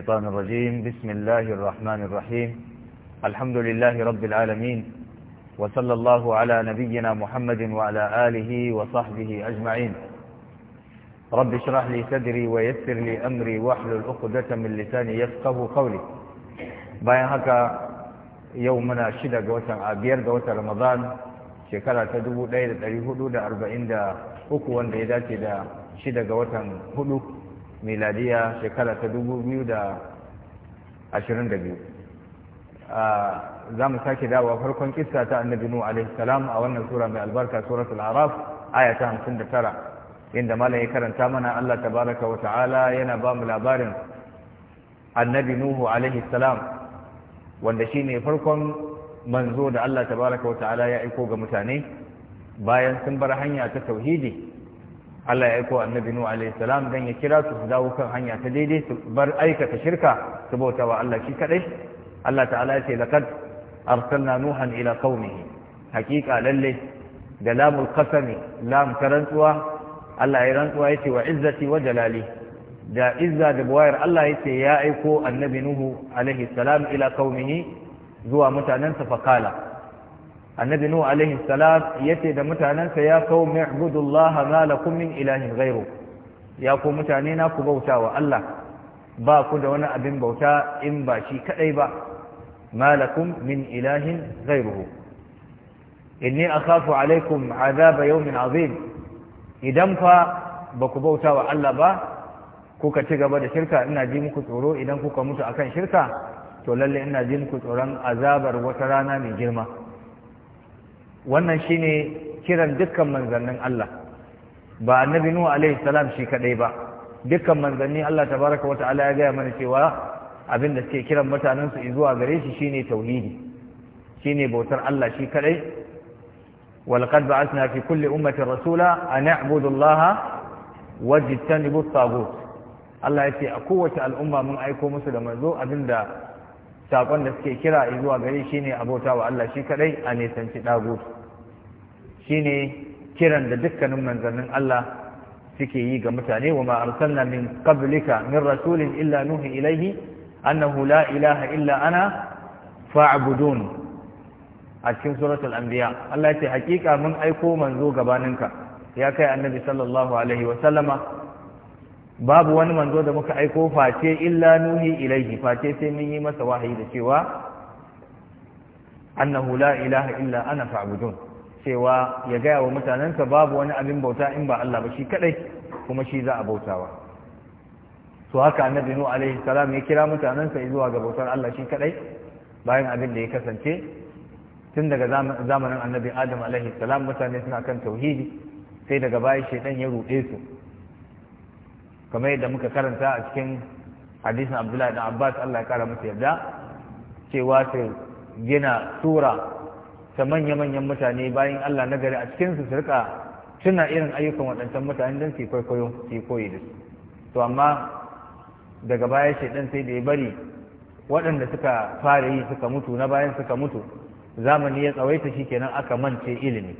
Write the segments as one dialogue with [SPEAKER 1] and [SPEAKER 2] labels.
[SPEAKER 1] الشيطان الرجيم بسم الله الرحمن الرحيم الحمد لله رب العالمين وصلى الله على نبينا محمد وعلى آله وصحبه أجمعين رب اشرح لي صدري ويسر لي أمري واحلل عقدة من لساني يفقه قولي bayan هكا يومنا شدة shida عبير watan رمضان شكرا watan ليلة shekara ta 1443 wanda ya dace da shida ga miladiya shekara ta biyu. za mu sake dawowa farkon kisa ta annabi nuhu a wannan sura mai albarka suratul araf aya ta tara inda malam ya karanta mana Allah tabaraka wa ta'ala yana ba mu labarin annabi nuhu wanda salam wanda ne farkon manzo da Allah tabaraka wa ta'ala ya aiko ga mutane bayan sun bar hanya ta tauhidi Allah ya aiko annabi nuh alaihi salam dan ya kira su su dawo kan hanya ta daidai su bar aikata shirka su bauta wa Allah shi kadai Allah ta'ala ya ce laqad arsalna nuhan ila qaumihi hakika lalle da lamul qasami lam karantsuwa Allah ya rantsuwa ce wa izzati wa jalali da izza da buwayar Allah ce ya aiko annabi Nuhu alaihi salam ila qaumihi zuwa sa fakala annabi nuhu alaihi salam yace da mutanansa ya kawo mi'budullah ma lakum min ilahin ghairu ya ku mutane na ku bauta wa Allah ba ku da wani abin bauta in ba shi kadai ba ma lakum min ilahin ghairuhu inni akhafu alaikum azaba yawmin azim idan fa ba ku bauta wa Allah ba kuka ci gaba da shirka ina ji muku tsoro idan kuka mutu akan shirka to lalle ina ji muku tsoron azabar wata rana mai girma wannan shine kiran dukkan manzannin Allah ba annabi nuhu alaihi salam shi kadai ba dukkan manzanni Allah tabaraka wa ta'ala ya gaya mana cewa abin da suke kiran mutanen su zuwa gare shi shine tauhidi shine bautar Allah shi kadai wa ba'athna fi kulli ummatin rasula an na'budu Allah wajtanibu at-taghut Allah ya ce a kowace al'umma mun aiko musu da manzo abinda sakon da suke kira zuwa gare shi ne abota wa Allah shi kadai a nisanci dagutu shine kiran da dukkanin manzannin Allah suke yi ga mutane wa ma arsalna min qablika min rasulin illa nuhi ilaihi annahu la ilaha illa ana fa'budun a cikin suratul anbiya Allah ce hakika mun aiko manzo gabaninka ya kai annabi sallallahu alaihi wa sallama babu wani manzo da muka aiko face illa nuhi ilaihi face sai mun yi masa wahayi da cewa annahu la ilaha illa ana fa'budun cewa ya gaya wa mutanensa babu wani abin bauta in ba Allah ba shi kadai kuma shi za a bautawa to haka annabi nu alaihi salam ya kira mutanensa zuwa ga bautar Allah shi kadai bayan abin da ya kasance tun daga zamanin annabi adam alaihi salam mutane suna kan tauhidi sai daga baya shaitan ya rude su kamar yadda muka karanta a cikin hadisin abdullahi da abbas Allah ya kara musu yarda cewa su gina sura ta manya-manyan mutane bayan Allah na gari a cikin su rika tuna irin ayyukan waɗancan mutane don su kwaikwayo su koyi da su to amma daga baya shaidan sai da ya bari waɗanda suka fara yi suka mutu na bayan suka mutu zamani ya tsawaita shi kenan aka mance ilimi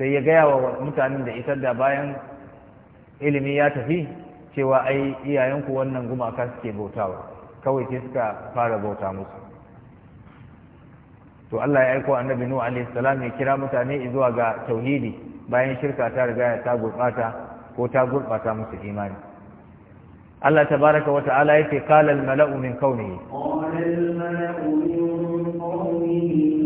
[SPEAKER 1] sai ya gaya wa mutanen da isar da bayan ilimi ya tafi cewa ai iyayenku wannan gumaka suke bautawa kawai sai suka fara bauta muku. to Allah ya aiko annabi nuhu alaihi salam ya kira mutane zuwa ga tauhidi bayan shirka ta riga ta gurbata ko ta gurbata musu imani Allah tabaraka wa ta'ala yake qala al mala'u min kawnihi
[SPEAKER 2] qala al mala'u min kawnihi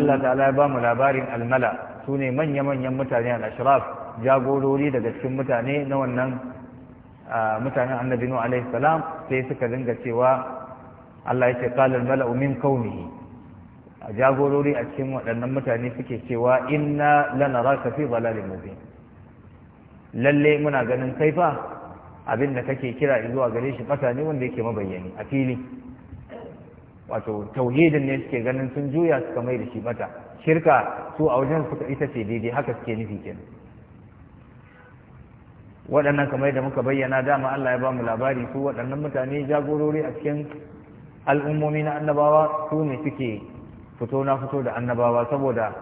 [SPEAKER 1] Allah ta'ala ya ba mu labarin almala su ne manya-manyan mutane al-ashraf jagorori daga cikin mutane na wannan mutanen annabi nuhu alaihi salam sai suka dinga cewa Allah ya ce qala almala umin min jagorori a cikin waɗannan mutane suke cewa inna lanaraka fi dalalin mubin lalle muna ganin kai fa abin da kake kira zuwa gare shi fata ne wanda yake mabayyani a fili wato tauhidin ne suke ganin sun juya suka mai da shi bata shirka su a wajen suka ita ce daidai haka suke nufi ke waɗannan kamar da muka bayyana dama Allah ya ba mu labari su waɗannan mutane jagorori a cikin al'ummomi na annabawa su ne suke fito na fito da annabawa saboda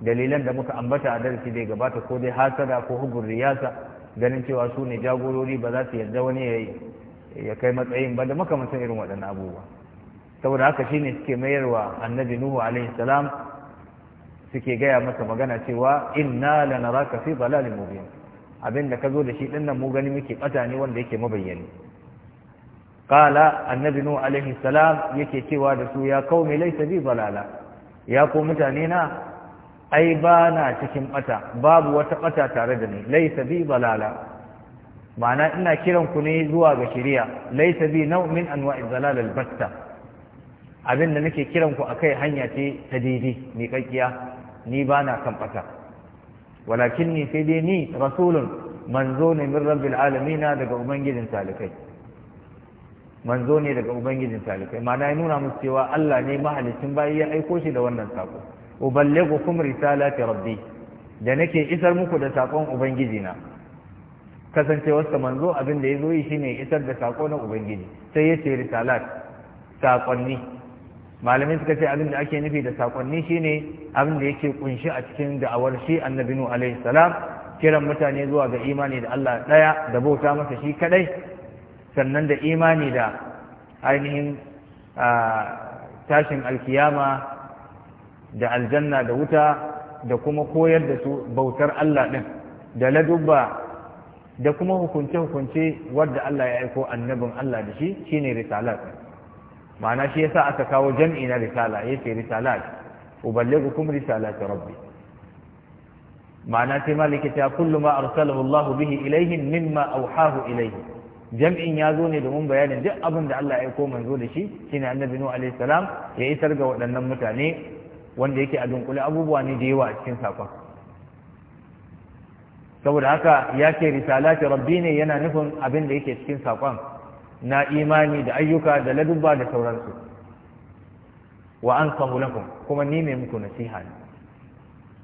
[SPEAKER 1] dalilan da muka ambata a darasi da gabata ko dai hasada ko hugun riyasa ganin cewa su ne jagorori ba za su yarda wani ya kai matsayin ba da makamantan irin waɗannan abubuwa saboda haka shine suke mayarwa annabi nuhu alaihi salam suke gaya masa magana cewa inna lanaraka fi dalalin mubin abinda ka zo da shi dinnan mu gani muke bata ne wanda yake mabayyani qala annabi nuhu alaihi salam yake cewa da su ya qaumi laysa bi dalala ya ko mutane na ai ba na cikin bata babu wata bata tare da ni laysa bi dalala ma'ana ina kiran ku ne zuwa ga shari'a laysa bi naw'in min anwa'i dalal batta abin da nake kiran ku akai hanya ce ta daidai mai kakkiya ni ba na kan fata walakin ni sai dai ni rasulun manzo ne min rabbil alamina daga ubangijin talikai manzo ne daga ubangijin talikai ma'ana ya nuna musu cewa Allah ne mahalicin bayi ya aiko shi da wannan sako kum risalati rabbi da nake isar muku da sakon ubangijina kasancewarsa manzo abin da ya zo yi shine isar da sako na ubangiji sai ya ce risalat sakonni malamai suka ce abin da ake nufi da sakonni shine abin da yake kunshi a cikin da'awar shi annabi nu alaihi salam kiran mutane zuwa ga imani da Allah daya da bauta masa shi kadai sannan da imani da ainihin tashin alkiyama da aljanna da wuta da kuma koyar da su bautar Allah din da ladubba da kuma hukunce-hukunce wadda Allah ya aiko annabin Allah da shi shine risalat ma'ana shi yasa aka kawo jam'i na risala yace risalat uballighukum risalat rabbi ma'ana sai maliki ta kullu ma arsalahu Allah bihi ilaihim mimma awhahu ilaihi jam'in ya zo ne domin bayanin duk abin da Allah ya aiko manzo da shi shine annabi nuhu alaihi salam ya isar ga waɗannan mutane wanda yake a dunkule abubuwa ne da yawa a cikin sakon saboda haka ya ce risalati rabbi ne yana nufin abin da yake cikin sakon na imani da ayyuka da ladubba da sauransu wa an samu lakum kuma ni mai muku nasiha ne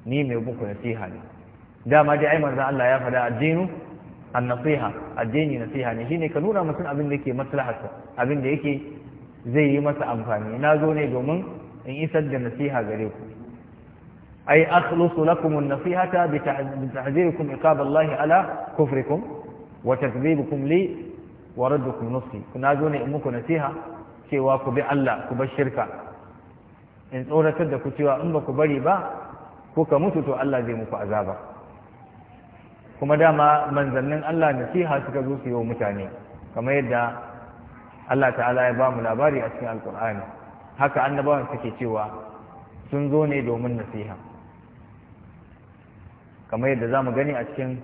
[SPEAKER 1] ni mai muku nasiha ne dama dai ai manzon Allah ya faɗa addinu an-nasiha addini nasiha ne shine ka nuna mutum abin da yake maslaharsa abin da yake zai yi masa amfani na zo ne domin in isar da nasiha gare ku أي أخلص لكم النصيحة بتحذيركم عقاب الله على كفركم وتكذيبكم لي wa raddukum nusi na zo ne in muku nasiha cewa ku bi Allah ku bar shirka in tsoratar da ku cewa in ba ku bari ba ka mutu to Allah zai muku azaba kuma dama manzannin Allah nasiha suka zo su yi wa mutane kamar yadda Allah ta'ala ya ba mu labari a cikin alkur'ani haka annabawan suke cewa sun zo ne domin nasiha kamar yadda za mu gani a cikin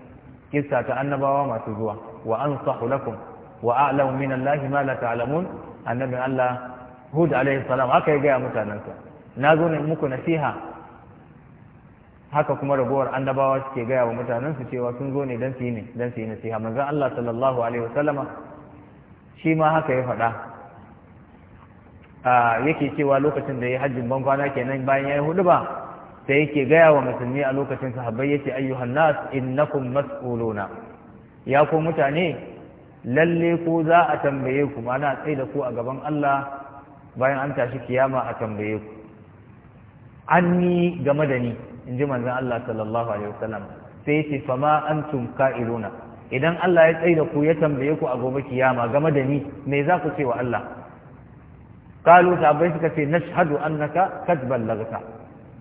[SPEAKER 1] kissa ta annabawa masu zuwa wa an lakum wa a'lamu min Allah ma la ta'lamun annabin Allah Hud alaihi salam haka ya gaya mutanensa na zo ne muku nasiha haka kuma ragowar annabawa suke gaya wa mutanensu cewa sun zo ne don su yi ne don su yi nasiha manzon Allah sallallahu alaihi wasallama shi ma haka ya faɗa yake cewa lokacin da ya hajjin ban kwana kenan bayan ya yi hudu ba sai yake gaya wa musulmi a lokacin sahabbai yace ayyuhan nas innakum mas'uluna ya ku mutane lalle ko za a tambaye ku mana tsaye da ku a gaban Allah bayan an tashi kiyama a tambaye ku an ni game da ni in ji Allah sallallahu alaihi wasallam sai ce fama antum ka'iluna idan Allah ya tsaye da ku ya tambaye ku a gobe kiyama game da ni me za ku ce wa Allah kalu sabai suka ce nashhadu annaka kad ballagta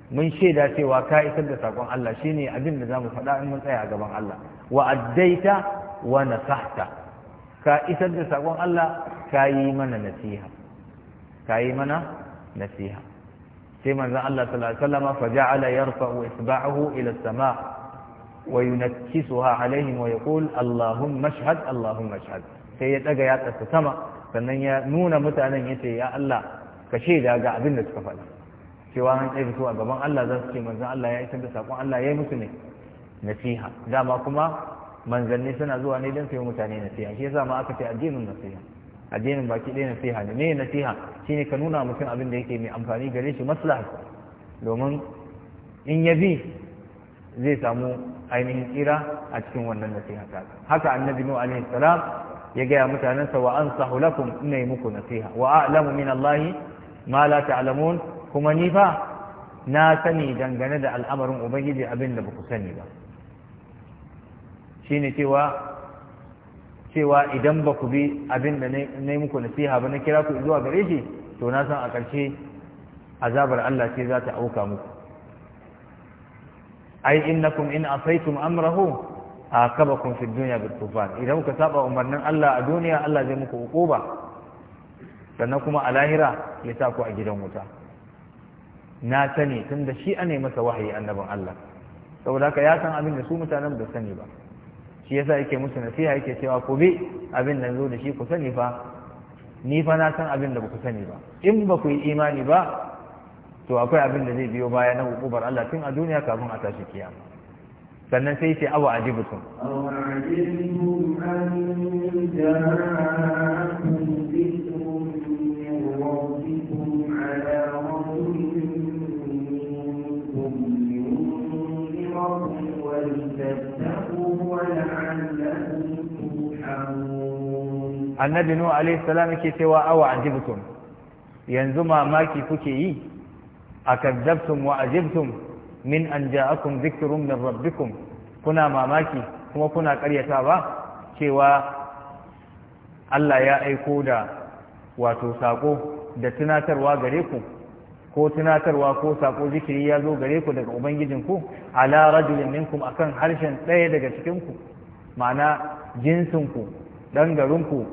[SPEAKER 1] mun shaida cewa ka isar da sakon Allah shine abin da zamu faɗa in mun tsaya a gaban Allah wa addaita wa nasahta ka isar da sakon Allah ka yi mana nasiha ka yi mana nasiha sai manzon Allah sallallahu alaihi ala ya rufa yarfa'u isba'ahu ila as-sama' wa yunakkisuha alaihim wa yaqul Allahumma ashhad Allahumma sai ya daga ya tsasa sama sannan ya nuna mutanen yace ya Allah ka da ga abin da suka faɗa cewa an tsaye su a gaban Allah za su ce manzon Allah ya isar da sakon Allah ya yi musu ne nasiha dama kuma manzanni suna zuwa ne don su mutane nasiha shi yasa ma aka ce addinin nasiha addinin baki ɗaya nasiha ne me nasiha shine ka nuna mutum abin da yake mai amfani gare shi maslaha domin in ya bi zai samu ainihin tsira a cikin wannan nasiha ta haka annabi nuhu alaihi salam ya gaya sa, wa ansahu lakum ina yi muku nasiha wa a'lamu min allahi ma la ta'lamun kuma ni fa na sani dangane da al'amarin ubangiji abin da baku sani ba shine cewa cewa idan ba ku bi abin da na yi muku nasiha ba na kira ku zuwa gare shi to na san a ƙarshe azabar Allah ce za ta auka muku ai innakum in asaitum amrahu akabakum fi dunya bil tufan idan kuka saba umarnin Allah a duniya Allah zai muku ukuba sannan kuma a lahira ya sa ku a gidan wuta na sani tunda shi ne masa wahayi annabin Allah saboda haka ya san abin da su mutanen da sani ba shi yasa yake musu nasiha yake cewa ku bi abin da zo da shi ku sani fa ni fa na san abin da ba ku sani ba in ba ku yi imani ba to akwai abin da zai biyo baya na hukubar Allah tun a duniya kafin a tashi kiyama sannan sai ce awa ajibutum awa annabi nuhu alaihi salam yake cewa awa ajibtum yanzu mamaki kuke yi akazzabtum wa ajibtum min an ja'akum dhikrun min rabbikum kuna mamaki kuma kuna karyata ba cewa Allah ya aiko da wato sako da tunatarwa gare ku ko tunatarwa ko sako zikiri ya zo gare ku daga ubangijinku ala rajulin minkum akan harshen ɗaya daga cikin ku ma'ana jinsinku ɗan garinku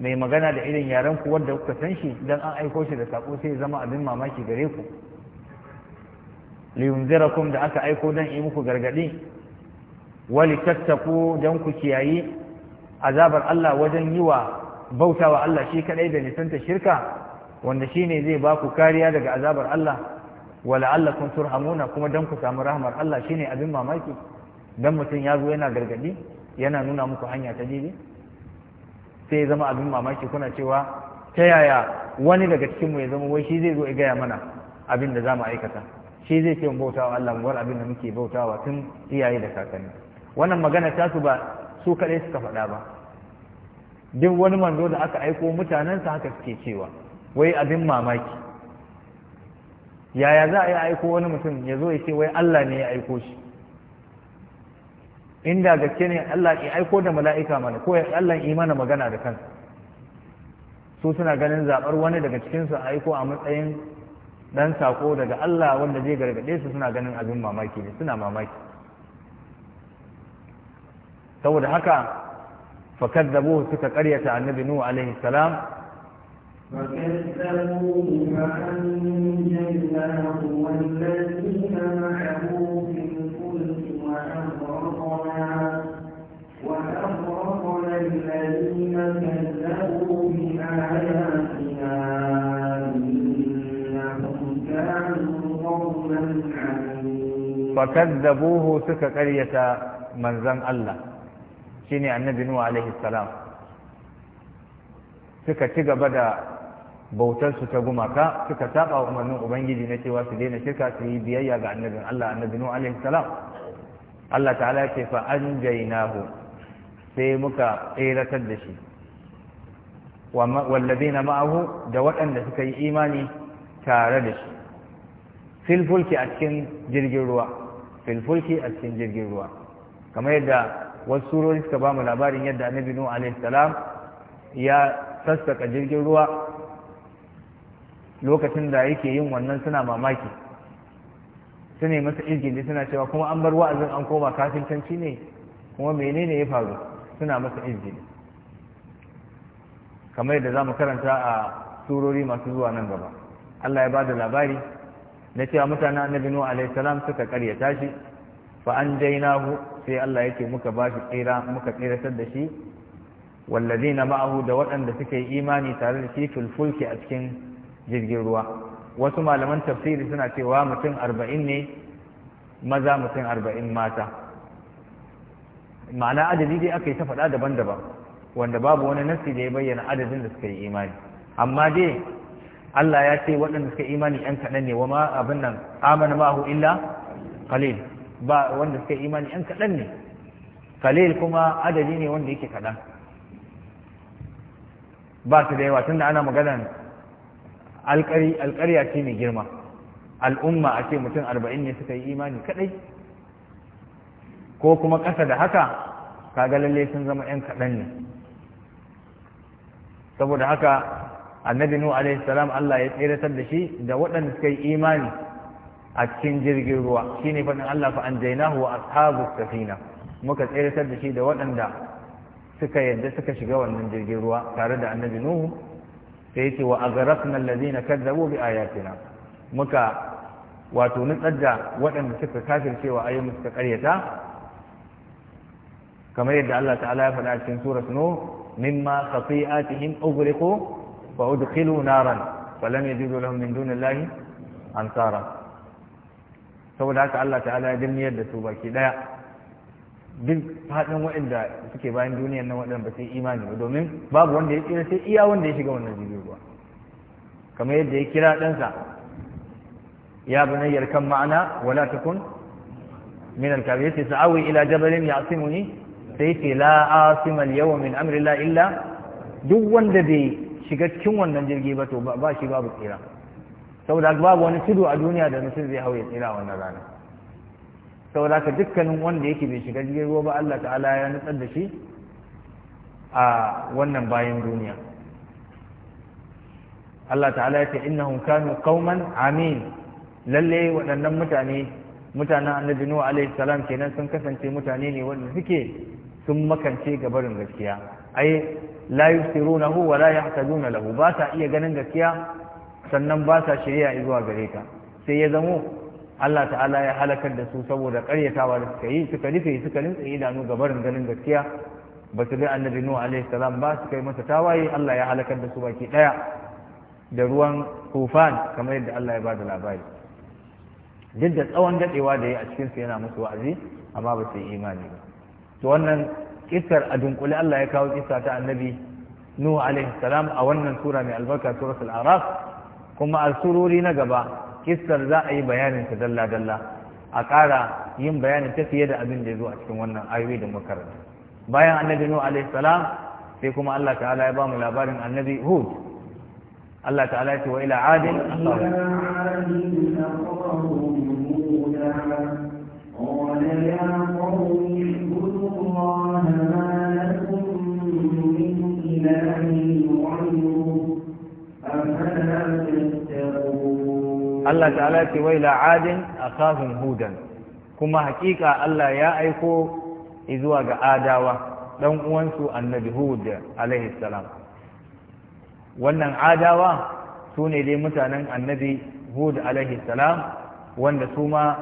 [SPEAKER 1] mai magana da irin yarenku wanda kuka san shi dan an aiko shi da sako sai zama abin mamaki gare ku liyunzirakum da aka aiko dan yi muku gargadi wali tattaku dan ku kiyayi azabar Allah wajen yi wa bautawa Allah shi kadai da nisanta shirka wanda shine zai ba ku kariya daga azabar Allah wala kun turhamuna kuma dan ku samu rahmar Allah shine abin mamaki dan mutum ya zo yana gargadi yana nuna muku hanya ta daidai sai ya zama abin mamaki kuna cewa ta yaya wani daga cikin mu ya zama wai shi zai zo ya gaya mana abin da za mu aikata shi zai ce mu bautawa Allah mu abin da muke bautawa tun iyaye da kakanni wannan magana ta su ba su kaɗai suka faɗa ba duk wani manzo da aka aiko mutanensa haka suke cewa wai abin mamaki yaya za a yi aiko wani mutum ya zo ya ce wai Allah ne ya aiko shi inda gaske ne Allah ya aiko da mala'ika mana ko Allah ya mana magana da kansa su suna ganin zaɓar wani daga cikinsu a aiko a matsayin dan sako daga Allah wanda zai gargaɗe su suna ganin abin mamaki ne suna mamaki saboda haka fakadzabuhu suka karyata annabi nuhu alaihi salam
[SPEAKER 2] فكذبوه والذين معه كذبوا بآياتنا إنهم كانوا قوما عمين فكذبوه
[SPEAKER 1] سك قرية من زن الله شيني النبي نوح عليه السلام suka ci gaba da bautarsu ta gumaka suka saba umarnin ubangiji na cewa su daina shirka su yi biyayya ga annabin Allah annabi Nuh alaihi salam Allah ta'ala ce fa anjaynahu sai muka tseratar da shi na ma'ahu da waɗanda suka yi imani tare da shi filfulki a cikin jirgin ruwa a cikin jirgin ruwa kamar yadda wasu surori suka ba mu labarin yadda annabi nuhu alaihi salam ya sassaka jirgin ruwa lokacin da yake yin wannan suna mamaki su ne masa izgili suna cewa kuma an bar wa'azin an koma kafintanci ne kuma menene ya faru suna masa izgili kamar yadda za mu karanta a surori masu zuwa nan gaba Allah ya bada labari na cewa mutanen annabi nuhu alaihi salam suka karyata shi fa an jainahu sai Allah yake muka ba shi tsira muka tsiratar da shi wallazina ma'ahu da waɗanda suka yi imani tare da shi fil a cikin jirgin ruwa wasu malaman tafsiri suna cewa mutum arba'in ne maza mutum arba'in mata ma'ana adadi dai aka ta faɗa daban-daban wanda babu wani nasi da ya bayyana adadin da suka yi imani amma dai Allah ya ce waɗanda suka imani ‘yan kaɗan ne wa abin nan amana ma'ahu illa kalil ba wanda suka imani ‘yan kaɗan ne kalil kuma adadi ne wanda yake kaɗan ba su da yawa tunda ana maganan alƙarya ce mai girma al'umma a ce mutum arba'in ne suka yi imani kaɗai ko kuma ƙasa da haka ka ga lalle sun zama ‘yan kaɗan ne saboda haka annabi nuhu alaihi salam Allah ya tseratar da shi da waɗanda suka yi imani a cikin jirgin ruwa shine faɗin Allah fa anjaynahu wa ashabu safina muka tseratar da shi da waɗanda suka yadda suka shiga wannan jirgin ruwa tare da annabi nuhu sai yace wa aghraqna alladhina kadzabu bi ayatina muka wato nutsar da waɗanda suka kafircewa ayyukan suka karyata kamar yadda Allah ta'ala ya faɗa cikin surat nuh mimma khati'atihim ughriqu fa udkhilu naran falam yajidu lahum min dunillahi ansara saboda haka Allah ta'ala ya dilmiyar da su baki daya duk fadin waɗanda suke bayan duniyar nan waɗanda ba su yi imani domin babu wanda ya tsira sai iya wanda ya shiga wannan jirgin ruwa kamar yadda ya kira ɗansa ya bunayyar kan ma'ana wala takun min alkabi yace sa'awi ila jabalin ya'simuni sai yake la asimal yau min amrila illa duk wanda bai shiga cikin wannan jirgi ba to ba shi babu tsira saboda babu wani tudu a duniya da mutum zai hau ya tsira wannan rana saboda ka dukkanin wanda yake bai shiga jirgin ruwa ba Allah ta'ala ya nutsar da shi a wannan bayan duniya Allah ta'ala ya ce innahum kanu qauman amin lalle waɗannan mutane mutanen annabi nuhu alayhi salam kenan sun kasance mutane ne wanda suke sun makance ga barin gaskiya ai la yusirunahu wa la yahtaduna lahu ba ta iya ganin gaskiya sannan ba ta shirya zuwa gare ta sai ya zamo Allah ta'ala ya halakar da su saboda ƙaryatawa da suka yi suka rufe suka rinsa idanu ga barin ganin gaskiya ba su ga annabi nuh alaihi salam ba su kai masa tawaye Allah ya halakar da su baki daya da ruwan tufan kamar yadda Allah ya bada labari duk da tsawon dadewa da ya a cikin su yana musu wa'azi amma ba su yi imani ba to wannan kisar a dunkule Allah ya kawo kisa ta annabi Nuhu alaihi salam a wannan sura mai albarka suratul araf kuma a sururi na gaba kisar za a yi bayanin ta dalla dalla a ƙara yin bayanin ta fiye da abin da ya zo a cikin wannan ayoyi da makaranta bayan annabi Nuhu alaihi salam sai kuma Allah ta'ala ya ba mu labarin annabi Hud Allah ta'ala ya ce wa ila adin
[SPEAKER 2] قال يا قوم Allah ta'ala
[SPEAKER 1] ce wai la'adin a kafin hudan kuma hakika Allah ya aiko zuwa ga adawa ɗan uwansu annabi hud alaihi salam wannan adawa su ne dai mutanen annabi hud alaihi salam wanda su ma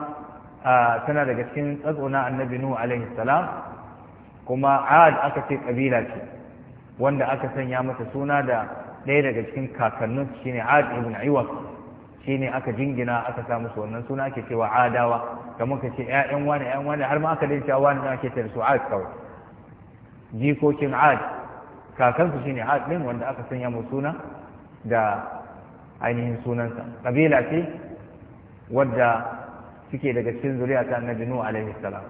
[SPEAKER 1] tana daga cikin tsatsona annabi nuhu alaihi salam kuma ad aka ce kabila ce wanda aka sanya masa suna da ɗaya daga cikin kakannin shine Ad ibn Iwas shine aka jingina aka sa musu wannan suna ake cewa Adawa kamar muka ce ƴaƴan wani ƴaƴan wani har ma aka dace wani ake tare su Ad kawai jikokin Ad kakansu shine Ad din wanda aka sanya musu suna da ainihin sunansa kabila ce wadda suke daga cikin zuriya ta annabi Nuhu alaihi salam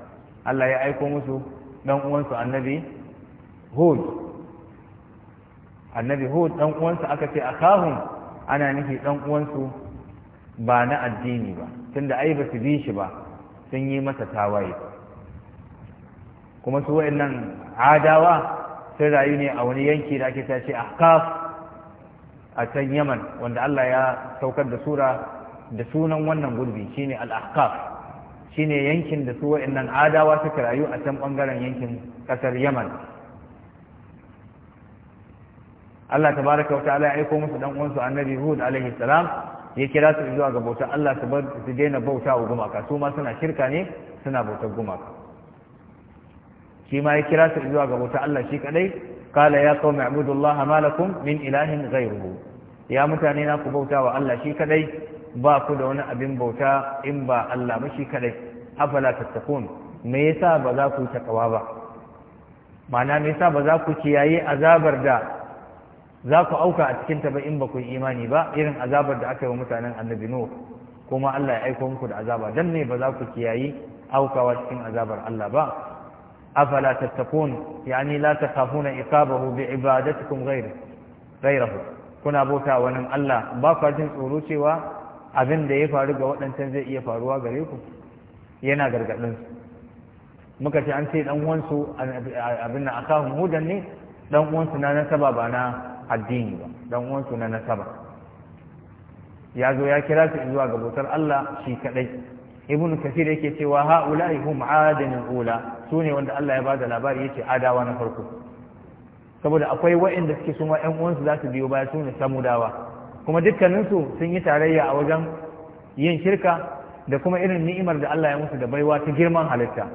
[SPEAKER 1] Allah ya aiko musu dan uwansu annabi Hud annabi hud dan uwansa aka ce akahum ana nufi dan uwansu ba na addini ba tunda ai ba su bi shi ba sun yi masa tawaye kuma su wayannan adawa sun rayu ne a wani yanki da ake tace ahqaf a can yaman wanda Allah ya saukar da sura da sunan wannan gurbi shine al-ahqaf shine yankin da su wayannan adawa suka rayu a can bangaren yankin kasar yaman Allah tabaraka wa ta'ala ya aiko musu dan uwansu annabi Hud alaihi salam ya kira su zuwa ga bautar Allah su bar su daina bauta wa gumaka su ma suna shirka ne suna bautar gumaka shi ma ya kira su zuwa ga bautar Allah shi kadai qala ya qaumi ibudullaha ma lakum min ilahin ghayruhu ya mutane na ku bauta wa Allah shi kadai ba ku da wani abin bauta in ba Allah ba shi kadai afala tattakun me yasa ba za ku takawa ba ma'ana me yasa ba za ku kiyaye azabar da za ku auka a cikin ta ba in ba ku imani ba irin azabar da aka yi wa mutanen annabi nuh kuma Allah ya aiko muku da azaba dan ne ba za ku kiyayi aukawa cikin azabar Allah ba afala tattaqun yani la takhafuna iqabahu bi ibadatikum ghayra ghayrahu kuna bauta nan Allah ba ku jin tsoro cewa abin da ya faru ga waɗancan zai iya faruwa gare ku yana gargaɗin muka ce an ce dan uwansu abin na akahum mudan ne dan uwansu na nasaba ba na addini ba dan uwansu na nasaba ya zo ya kira su zuwa ga bautar Allah shi kadai ibn kasir yake cewa haula'i hum adin ula sune wanda Allah ya bada labari yace adawa na farko saboda akwai waɗanda suke suma ƴan uwansu zasu su biyo baya sune samudawa kuma dukkaninsu sun yi tarayya a wajen yin shirka da kuma irin ni'imar da Allah ya musu da baiwa ta girman halitta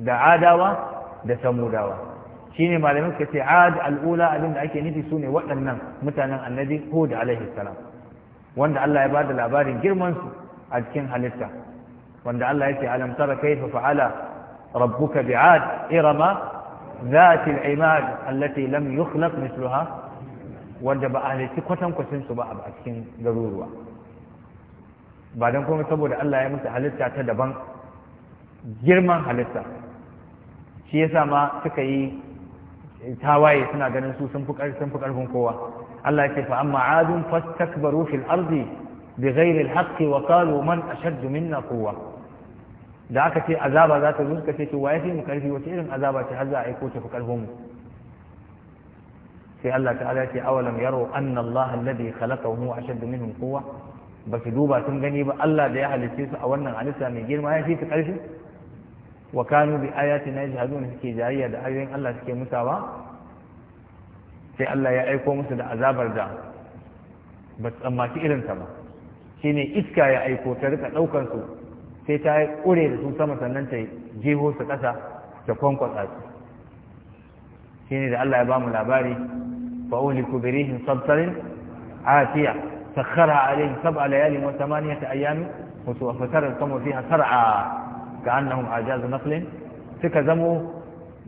[SPEAKER 1] da adawa da samudawa shine malamai suka ce ad al'ula abin da ake nufi su ne waɗannan mutanen annabi hud alaihi salam wanda Allah ya ba da labarin girman su a cikin halitta wanda Allah ya ce alam tara kaifa fa'ala rabbuka bi'ad irama ذات العماد التي لم يخلق مثلها wanda ba a halitti kwatankwacin su ba a cikin garuruwa ba don kuma saboda Allah ya musu halitta ta daban girman halitta shi yasa ma suka yi tawaye suna ganin su sun fi ƙarfin kowa Allah ce fa amma adun fastakbaru fil ardi bi ghairi al wa qalu man ashaddu minna quwwa da aka ce azaba za ta zo suka ce to waye fi mu karfi wace irin azaba ce har za a aiko ta fi karfin mu sai Allah ta'ala ce awalam yaro anna Allah alladhi khalaqahum huwa ashaddu minhum quwwa ba su duba sun gani ba Allah da ya halicce su a wannan halitta mai girma ya fi su karfi wa kanu bi ayatina yajhaduna suke jariya da ayoyin Allah suke musawa sai Allah ya aiko musu da azabar da ba su irin ta ba shine iska ya aiko ta rika daukar su sai ta yi kure da su sama sannan ta jeho su kasa ta kwankwasa su shine da Allah ya ba mu labari fa uli bi sabtarin atiya sakhara alayhi sab'a layalin wa thamaniyata ayyamin al القوم fiha sar'a ga annahum ajazu naqlin suka zamo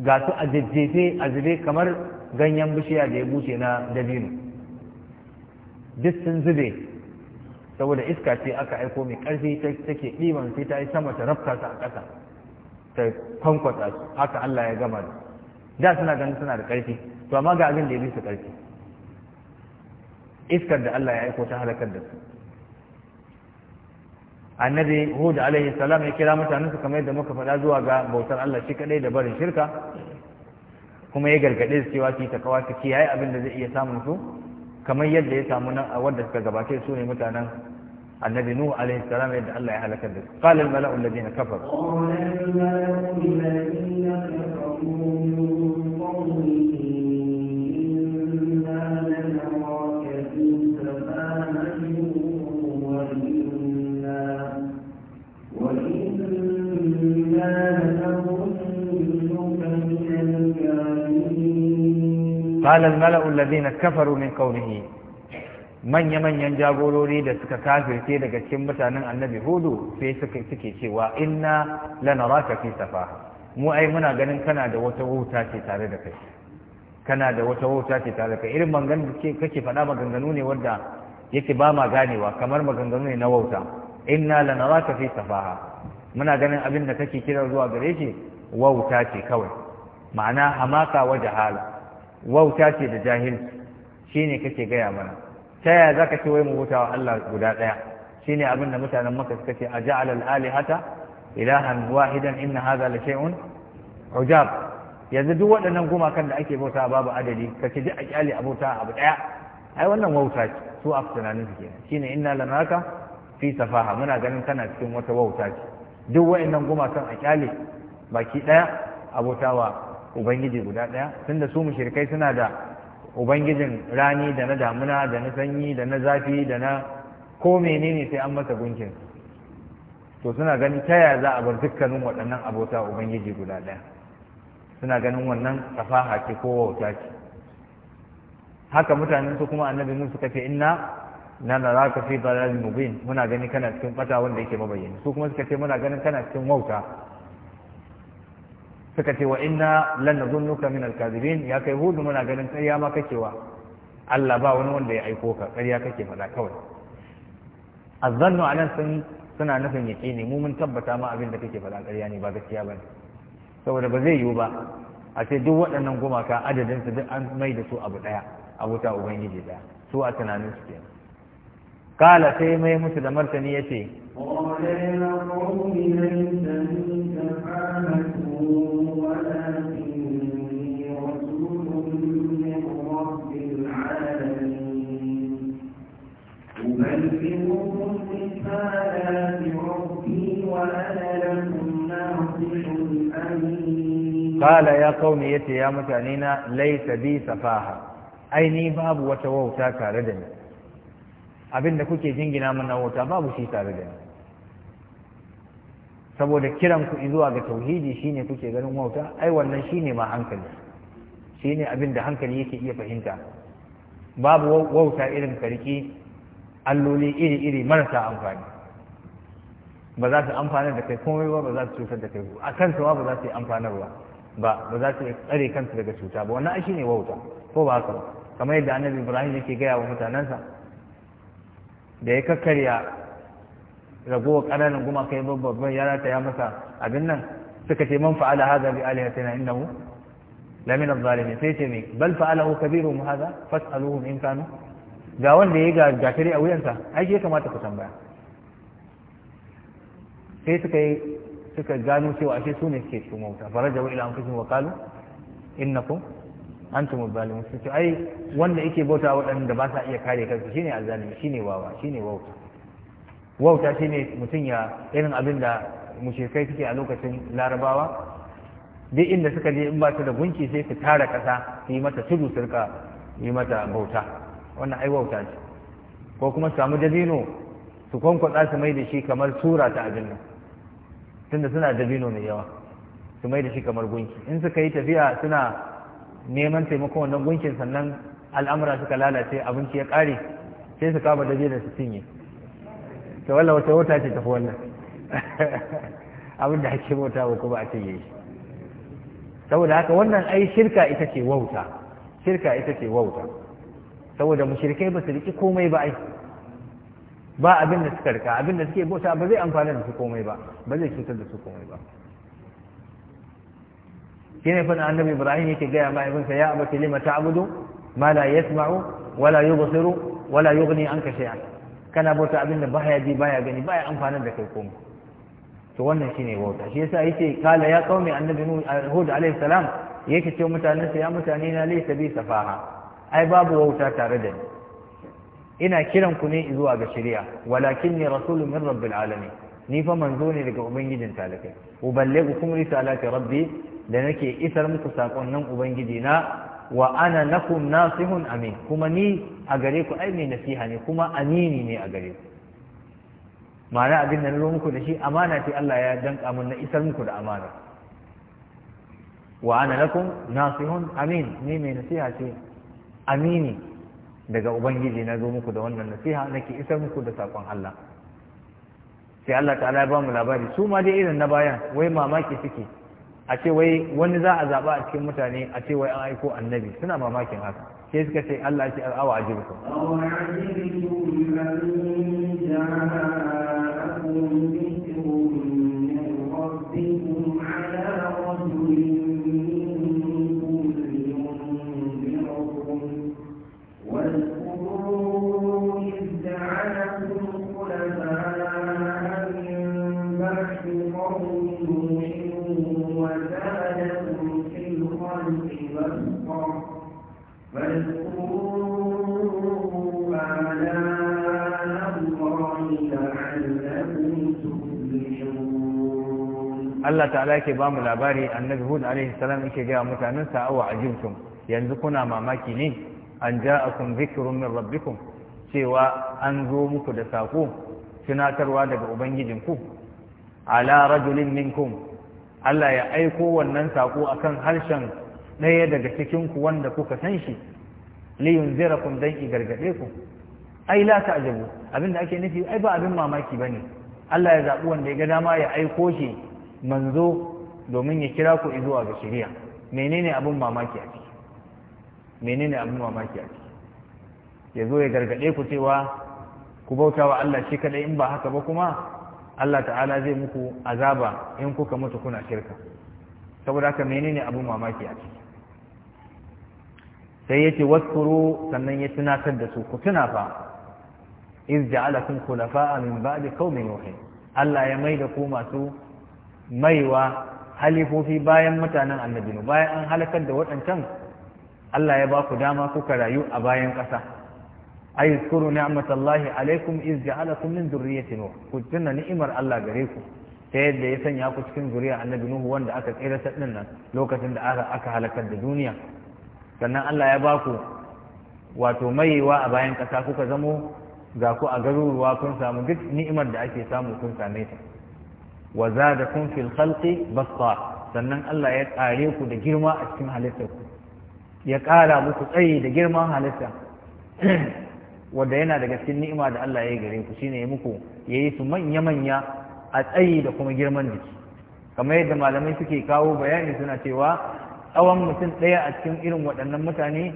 [SPEAKER 1] ga su a jajjefe a zube kamar ganyen bishiya da ya buce na dabino duk sun zube saboda iska ce aka aiko mai ƙarfi take ɗiban sai ta yi sama ta rafta su a ƙasa ta kwankwata su haka Allah ya gama da suna ganin suna da ƙarfi to amma ga abin da ya bi su ƙarfi iskar da Allah ya aiko ta halakar da su annabi hud alaihi salam ya kira mutanen su kamar yadda muka faɗa zuwa ga bautar Allah shi kadai da barin shirka kuma ya gargaɗe su cewa ki takawa ki kiyaye abin da zai iya samun su kamar yadda ya samu nan a wanda suka gabace su ne mutanen annabi nuh alaihi salam yadda Allah ya halaka da su qala al mala'u alladhina kafaru
[SPEAKER 2] qala al mala'u alladhina kafaru
[SPEAKER 1] qala al-mala'u alladhina kafaru min qaumihi manya manyan jagorori da suka kafirce daga cikin mutanen annabi hudu sai suka suke cewa inna lanaraka fi safaha mu ai muna ganin kana da wata wuta ce tare da kai kana da wata wuta ce tare da kai irin maganganun da kake faɗa maganganu ne wanda yake ba ma ganewa kamar maganganu ne na wauta inna lanaraka fi safaha muna ganin abin da kake kira zuwa gare shi wauta ce kawai ma'ana hamaka wa jahala wauta ce da jahilci ne kake gaya mana ta yaya zaka ce wai mu wa Allah guda ɗaya? shine abin da mutanen maka suka ce aja'al al-alihata ilahan wahidan inna hadha la shay'un ujab yanzu duk waɗannan gumakan da ake bauta babu adadi kace ji a kyale abota abu daya ai wannan wauta ce su a tunanin su kenan shine inna lanaka fi safaha muna ganin kana cikin wata wauta ce duk waɗannan gumakan a kyale baki daya abotawa ubangiji guda ɗaya tunda su mushirkai suna da ubangijin rani da na damuna da na sanyi da na zafi da na ko menene sai an masa gunkin to suna ganin ta yaya za a bar dukkanin waɗannan abota ubangiji guda ɗaya suna ganin wannan kafa ce ko wauta ce haka mutanen su kuma annabi mun suka ce inna na na zaka fi dalalin mubin muna gani kana cikin bata wanda yake mabayyana su kuma suka ce muna ganin kana cikin wauta suka ce wa inna lan min al ya kai hudu muna ganin tsariya ma kakewa Allah ba wani wanda ya aiko ka tsariya kake faɗa kawai azzannu anan sun suna nufin ne mu mun tabbata ma abin da kake faɗa ƙarya ne ba gaskiya ba saboda ba zai yiwu ba a ce duk waɗannan gumaka adadin su duk an mai da su abu ɗaya a ta ubangiji ɗaya su a tunanin su ke kala sai mai musu da martani ya ce
[SPEAKER 2] آيات ربي وأنا لكم ناصح أمين
[SPEAKER 1] قال يا قوم يتي يا متعنينا ليس بي سفاهة أي ني باب وتووتا كاردني abin da kuke jingina mana wuta babu shi tare da ni saboda kiran ku zuwa ga tauhidi shine kuke ganin wauta ai wannan shine ma hankali shine abin da hankali yake iya fahimta babu wauta irin karki alloli iri-iri marasa amfani ba za su amfana da kai komai ba ba za su cutar da kai a kansu ba za su yi amfanarwa ba ba za su tsare kansu daga cuta ba wannan shi ne wauta ko ba haka ba kamar yadda annabi ibrahim yake gaya wa mutanensa da ya kakkarya ragowar ƙananan gumakai babban ya rataya masa abin nan suka ce man fa'ala hadha bi alihatina innahu la min sai ce me bal fa'alahu kabiruhum Fas fas'aluhum in kanu ga wanda ya ga gashiri a wuyansa ai ya kamata ku tambaya sai suka yi suka gano cewa ashe su ne suke cikin wauta faraja wa ila anfusihim wa qalu innakum antum zalimun sai ai wanda yake bauta waɗanda ba sa iya kare kansu shine azzalimi shine wawa shine wauta wauta shine mutum ya irin abin da mushrikai suke a lokacin larabawa duk inda suka je in ba su da gunki sai su tara kasa su yi mata tudu su rika yi mata bauta wannan ai wauta ce ko kuma samu dabino su kwankwatsa su mai da shi kamar tura ta abin nan tunda suna dabino mai yawa su mai da shi kamar gunki in suka yi tafiya suna neman taimakon wannan gunkin sannan al'amura suka lalace abinci ya ƙare sai su kama dabino su cinye ta walla wata wata ce tafi wannan abin da ake bauta ba kuma a cinye shi saboda haka wannan ai shirka ita ce wauta shirka ita ce wauta saboda mushirikai ba su riƙe komai ba ba abin da suka rika abin da suke bauta ba zai amfana da su komai ba ba zai cutar da su komai ba ne fa annabi ibrahim yake gaya ma ibinsa ya kilima ta abudu ma la yasma'u wala yubsiru wala yughni anka shay'an kana bauta abin da baya ji baya gani baya amfani da kai komai to wannan shine bauta shi yasa yace kala ya qaumi annabi hud alaihi salam yake ce mutanen sa ya mutane na laysa bi safaha ai babu wauta tare da ni ina kiranku ne zuwa ga shari'a walakin ni rasulun min rabbil alamin ni fa manzo ne daga ubangijin talakai uballighukum risalati rabbi da nake isar muku sakonnin ubangiji na wa ana lakum nasihun amin kuma ni a gare ku ai mai nasiha ne kuma amini ne a gare ku ma'ana abin da na zo muku da shi amana ce Allah ya danka mun na isar muku da amana wa ana lakum nasihun amin ni mai nasiha ce amini daga ubangiji na zo muku da wannan nasiha nake isar muku da sakon Allah sai Allah ta'ala ya ba mu labari su ma dai irin na bayan wai mamaki suke a ce wai wani za a zaɓa a cikin mutane a ce wai an aiko annabi suna mamakin haka sai suka ce Allah ce awa ajirku awa Allah ta'ala yake ba mu labari annabi hud alaihi salam yake ga mutanen sa awa ajibtum yanzu kuna mamaki ne an ja'akum dhikrun min rabbikum cewa an zo muku da sako tunatarwa daga ubangijinku ala rajulin minkum Allah ya aiko wannan sako akan harshen ɗaya daga cikinku wanda kuka san shi liyun zira kun dan i ku ai la ajabu abin da ake nufi ai ba abin mamaki ba ne Allah ya zaɓi wanda ya ga dama ya aiko shi manzo domin ya kira ku izuwa ga shari'a menene abun mamaki a menene abin mamaki a ciki ya zo ya gargaɗe ku cewa ku bauta wa Allah shi kaɗai in ba haka ba kuma Allah ta'ala zai muku azaba in kuka mutu kuna shirka saboda haka menene abin mamaki a ciki sai ya ce waskuru sannan ya tunatar da su ku tuna fa iz ja'alakum khulafa'a min ba'di qaumin nuh Allah ya mai da ku masu maiwa halifofi bayan mutanen annabi bayan an halakar da waɗancan Allah ya ba ku dama kuka rayu a bayan ƙasa ay zkuru Allah alaikum iz kum min zurriyati nuh ku tunna ni'imar Allah gare ku ta yadda ya sanya ku cikin zuriya annabi nuhu wanda aka tsira ta nan lokacin da aka halakar da duniya sannan Allah ya ba ku wato maiwa a bayan ƙasa kuka zamo ga ku a garuruwa kun samu duk ni'imar da ake samu kun same ta wa da fil khalqi basta sannan Allah ya kare ku da girma a cikin halittar ku ya kara muku tsayi da girman halitta wanda yana daga cikin ni'ima da Allah ya yi gare ku shine ya muku yayi su manya manya a tsayi da kuma girman jiki kamar yadda malamai suke kawo bayani suna cewa tsawon mutum ɗaya a cikin irin waɗannan mutane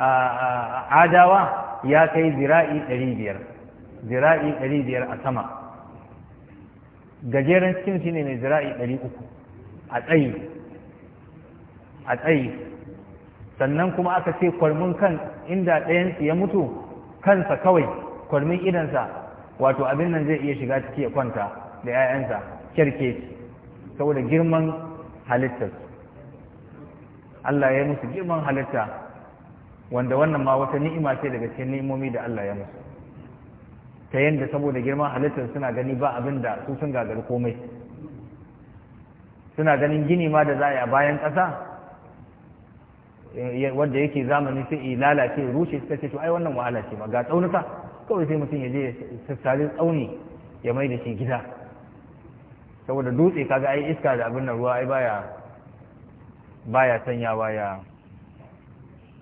[SPEAKER 1] a adawa ya kai zira'i ɗari biyar zira'i ɗari biyar a sama gajeren cikin shi ne mai zira'i ɗari uku a tsaye a tsayi sannan kuma aka ce kwarmin kan inda ɗayansu ya mutu kansa kawai kwarmin idansa wato abin nan zai iya shiga ciki ya kwanta da 'ya'yansa kyarke saboda girman halittar Allah ya yi musu girman halitta wanda wannan ma wata ni'ima ce daga cikin ni'imomi da Allah ya musu ta yadda saboda girman halittar suna gani ba abin da su sun gagar komai suna ganin gini ma da za a bayan ƙasa eh, wanda yake zamani sai i lalace rushe suka ce to ai wannan wahala ce ma ga tsaunuka kawai sai mutum ya je sassare tsauni ya mai da shi gida saboda dutse kaga ai iska da abin nan ruwa ai baya baya sanyawa ya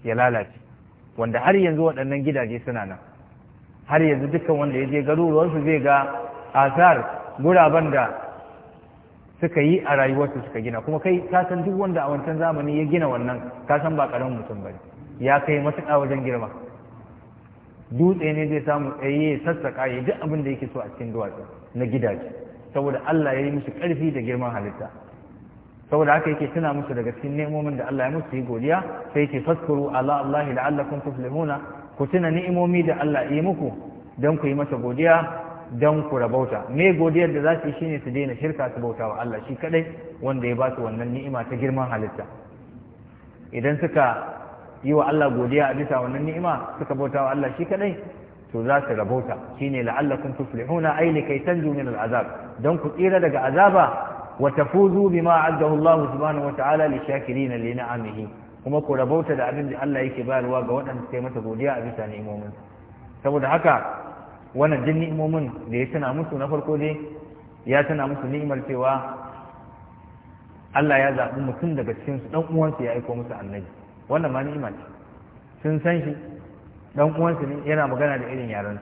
[SPEAKER 1] ya lalace wanda har yanzu waɗannan gidaje suna nan har yanzu dukkan wanda ya je garuruwarsu zai ga asar guraben da suka yi a rayuwarsu suka gina kuma kai ka san duk wanda a wancan zamani ya gina wannan ka san ba karamin mutum bane ya kai matuƙa wajen girma dutse ne zai samu tsaye sassaƙa ya duk abin da yake so a cikin duwatsu na gidaje saboda Allah ya yi musu ƙarfi da girman halitta saboda haka yake tuna musu daga cikin nemomin da Allah ya musu yi godiya sai yake faskuru ala Allah la'allakum tuflihuna ku tuna ni'imomi da Allah ya muku don ku yi masa godiya don ku rabauta me godiyar da za su yi shine su daina shirka su bauta wa Allah shi kadai wanda ya ba su wannan ni'ima ta girman halitta idan suka yi wa Allah godiya a bisa wannan ni'ima suka bauta wa Allah shi kadai to za su rabauta shine la'allakum tuflihuna ay likay tanju min al'azab don ku tsira daga azaba wa tafuzu bima addahu Allah subhanahu wa ta'ala li shakirin li na'amihi kuma ku rabauta da abin da Allah yake bayarwa ga waɗanda suka mata godiya a bisa ni'imomin saboda haka wannan jin ni'imomin da ya tana musu na farko dai ya tana musu ni'imar cewa Allah ya zaɓi mutum daga cikin su dan uwansu ya aiko musu annabi wannan ma ni'ima ce sun san shi dan uwansu ne yana magana da irin yaran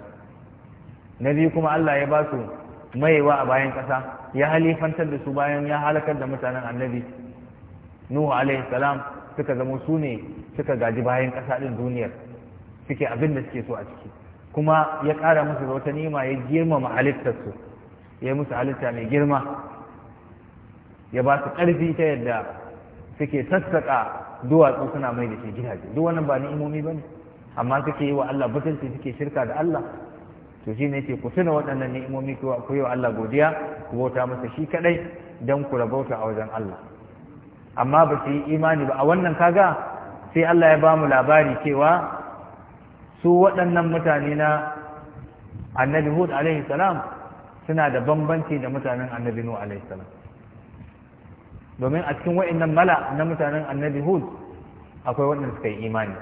[SPEAKER 1] su na biyu kuma Allah ya ba su mayewa a bayan ƙasa ya halifantar da su bayan ya halakar da mutanen annabi Nuhu alaihi salam suka zama su ne suka gaji bayan ƙasa ɗin duniyar suke abin da suke so a ciki kuma ya ƙara musu da wata nima ya girmama halittarsu ya yi musu halitta mai girma ya ba su ƙarfi ta yadda suke sassaƙa duwatsu suna mai da ke gidaje duk wannan ba ni'imomi ba ne amma suke yi wa Allah butulci suke shirka da Allah to shi ne ke ku tuna waɗannan ni'imomi ku yi wa Allah godiya ku bauta masa shi kaɗai don ku rabauta a wajen Allah amma ba su yi imani ba a wannan kaga sai Allah ya ba mu labari cewa su waɗannan mutane na annabi hud alaihi salam suna da bambanci da mutanen annabi nuh alaihi salam domin a cikin wa'annan mala na mutanen annabi hud akwai waɗanda suka yi imani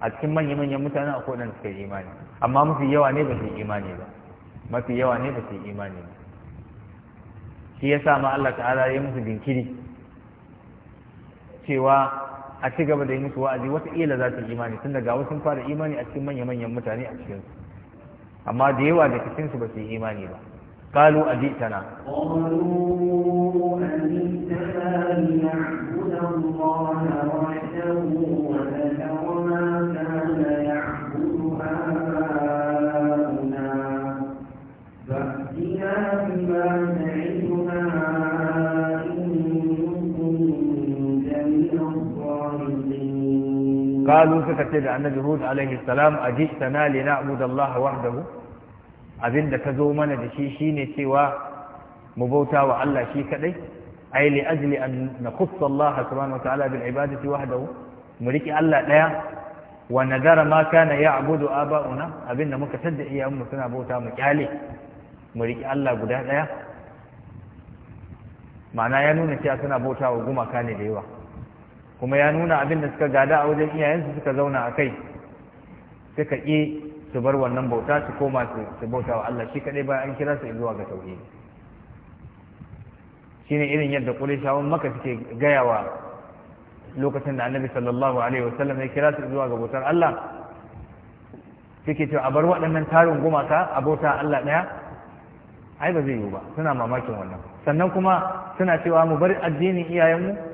[SPEAKER 1] a cikin manya-manyan mutanen akwai waɗanda suka yi imani amma mafi yawa ne ba su yi imani ba mafi yawa ne ba su yi imani ba shi ya sa ma Allah ta'ala ya musu jinkiri cewa a ci gaba da yi musu wa'azi wata ila za su imani tun daga wasu fara imani a cikin manya-manyan mutane a cikin su, amma da yawa da cikin su ba su yi imani ba kalu aji tana
[SPEAKER 2] قالوا أجئتنا الله
[SPEAKER 1] kalu suka ce da annabi hud alaihi salam a ji sana li na'budallaha wahdahu abinda ka zo mana da shi shine cewa mu bauta wa Allah shi kadai ai li ajli an nakhussu Allah subhanahu wa ta'ala bil ibadati wahdahu mu riki Allah daya wa nadara ma kana ya'budu aba'una abinda muka tadda iyayenmu suna bauta mu kyale mu riki Allah guda daya ma'ana ya nuna cewa suna bauta wa gumaka ne da yawa kuma ya nuna abin da suka gada a wajen iyayensu suka zauna a kai suka ƙi su bar wannan bauta su koma su bauta wa Allah shi kaɗai bayan an kira su zuwa ga tauhidi shine irin yadda Qurayshawan maka suke gaya wa lokacin da Annabi sallallahu alaihi wasallam ya kira su zuwa ga bautar Allah suke cewa a bar waɗannan tarin gumaka a bauta Allah ɗaya ai ba zai yiwu ba suna mamakin wannan sannan kuma suna cewa mu bar addinin iyayenmu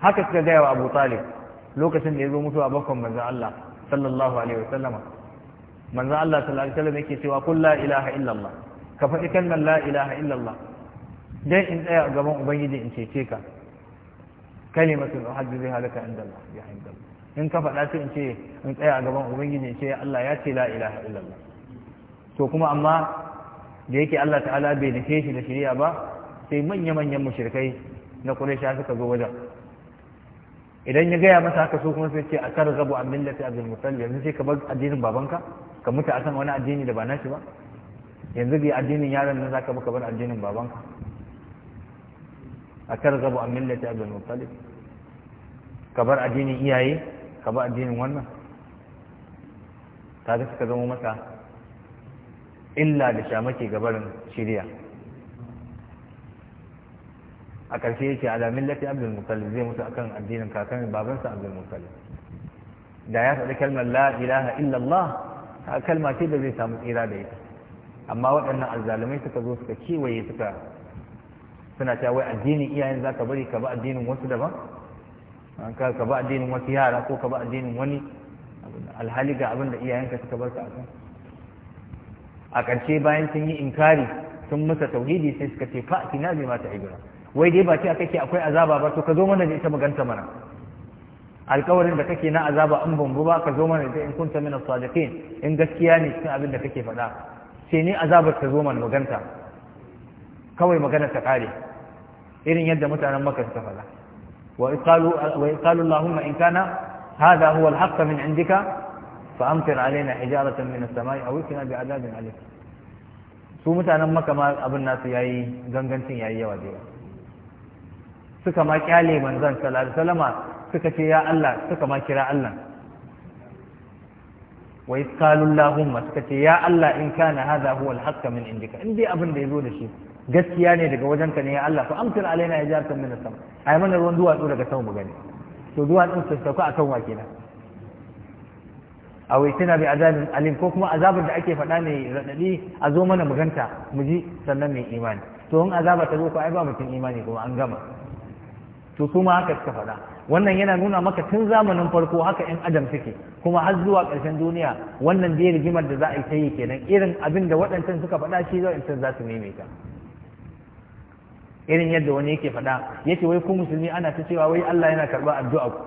[SPEAKER 1] haka suka gaya wa abu talib lokacin da ya zo mutuwa bakon manzan Allah sallallahu alaihi wasallam manzan Allah sallallahu alaihi yake cewa kun la ilaha illallah ka faɗi la ilaha illallah in tsaya a gaban in cece ka inda in in ce in tsaya a gaban in ce Allah ya ce la ilaha illallah to kuma amma da yake Allah ta'ala bai nufe shi da shirya ba sai manya-manyan mushrikai na Quraysh suka zo wajen idan ya gaya masa haka so kuma sai ce a kar rabu an millati abdul mutalib yanzu sai ka bar addinin babanka ka mutu akan wani addini da ba nashi ba yanzu bi addinin yaron nan zaka baka bar addinin babanka a kar rabu an millati abdul mutalib ka bar addinin iyaye ka bar addinin wannan ta kaga suka zama masa illa da shamake gabarin shirya a ƙarshe yake ala millati abdul muttalib zai mutu akan addinin kakan babansa abdul muttalib da ya faɗi kalmar la ilaha illallah a kalma ce da zai samu tsira da ita amma waɗannan azzalumai suka zo suka kewaye suka suna cewa wai addinin iyayen za ka bari ka ba addinin wasu daban ka ba addinin wasu yara ko ka ba addinin wani alhali ga abin da iyayenka suka bar ka akan a ƙarshe bayan sun yi inkari sun musa tauhidi sai suka ce fa'tina bi zai mata ibra wai dai ba ce kake akwai azaba ba to ka zo mana da ita maganta mana alkawarin da kake na azaba an bambu ba ka zo mana da in kunta min as-sadiqin in gaskiya ne cikin abin da kake faɗa sai ni azabar ta zo mana maganta kawai magana ta kare irin yadda mutanen makka suka faɗa wa qalu wa qalu allahumma in kana hadha huwa al-haqq min indika fa amtir alaina hijaratan min as-sama'i aw ikna bi'adabin alim su mutanen makka ma abin nasu yayi gangancin yayi yawa da yawa suka ma kyale manzan sallallahu alaihi wasallama suka ce ya Allah suka ma kira Allah wa iskalun lahumma suka ce ya Allah in kana hadha huwa alhaq min indika in dai abin da yazo da shi gaskiya ne daga wajenka ne ya Allah fa amtir alaina ya jarta min sama ai mana ruwan duwatsu daga sama mu gani to din su sauka akan wa kenan aw itina bi azabin alim ko kuma azabin da ake faɗa mai radadi a zo mana mu ganta mu ji sannan mai imani to in azaba ta zo ko ai ba mutum imani kuma an gama to su ma haka suka faɗa wannan yana nuna maka tun zamanin farko haka yan adam suke kuma har zuwa ƙarshen duniya wannan biyar rigimar da za a yi ta yi kenan irin abin da waɗancan suka faɗa shi waɗancan za su maimaita irin yadda wani yake faɗa yake wai ku musulmi ana ta cewa wai Allah yana karɓar addu'a ku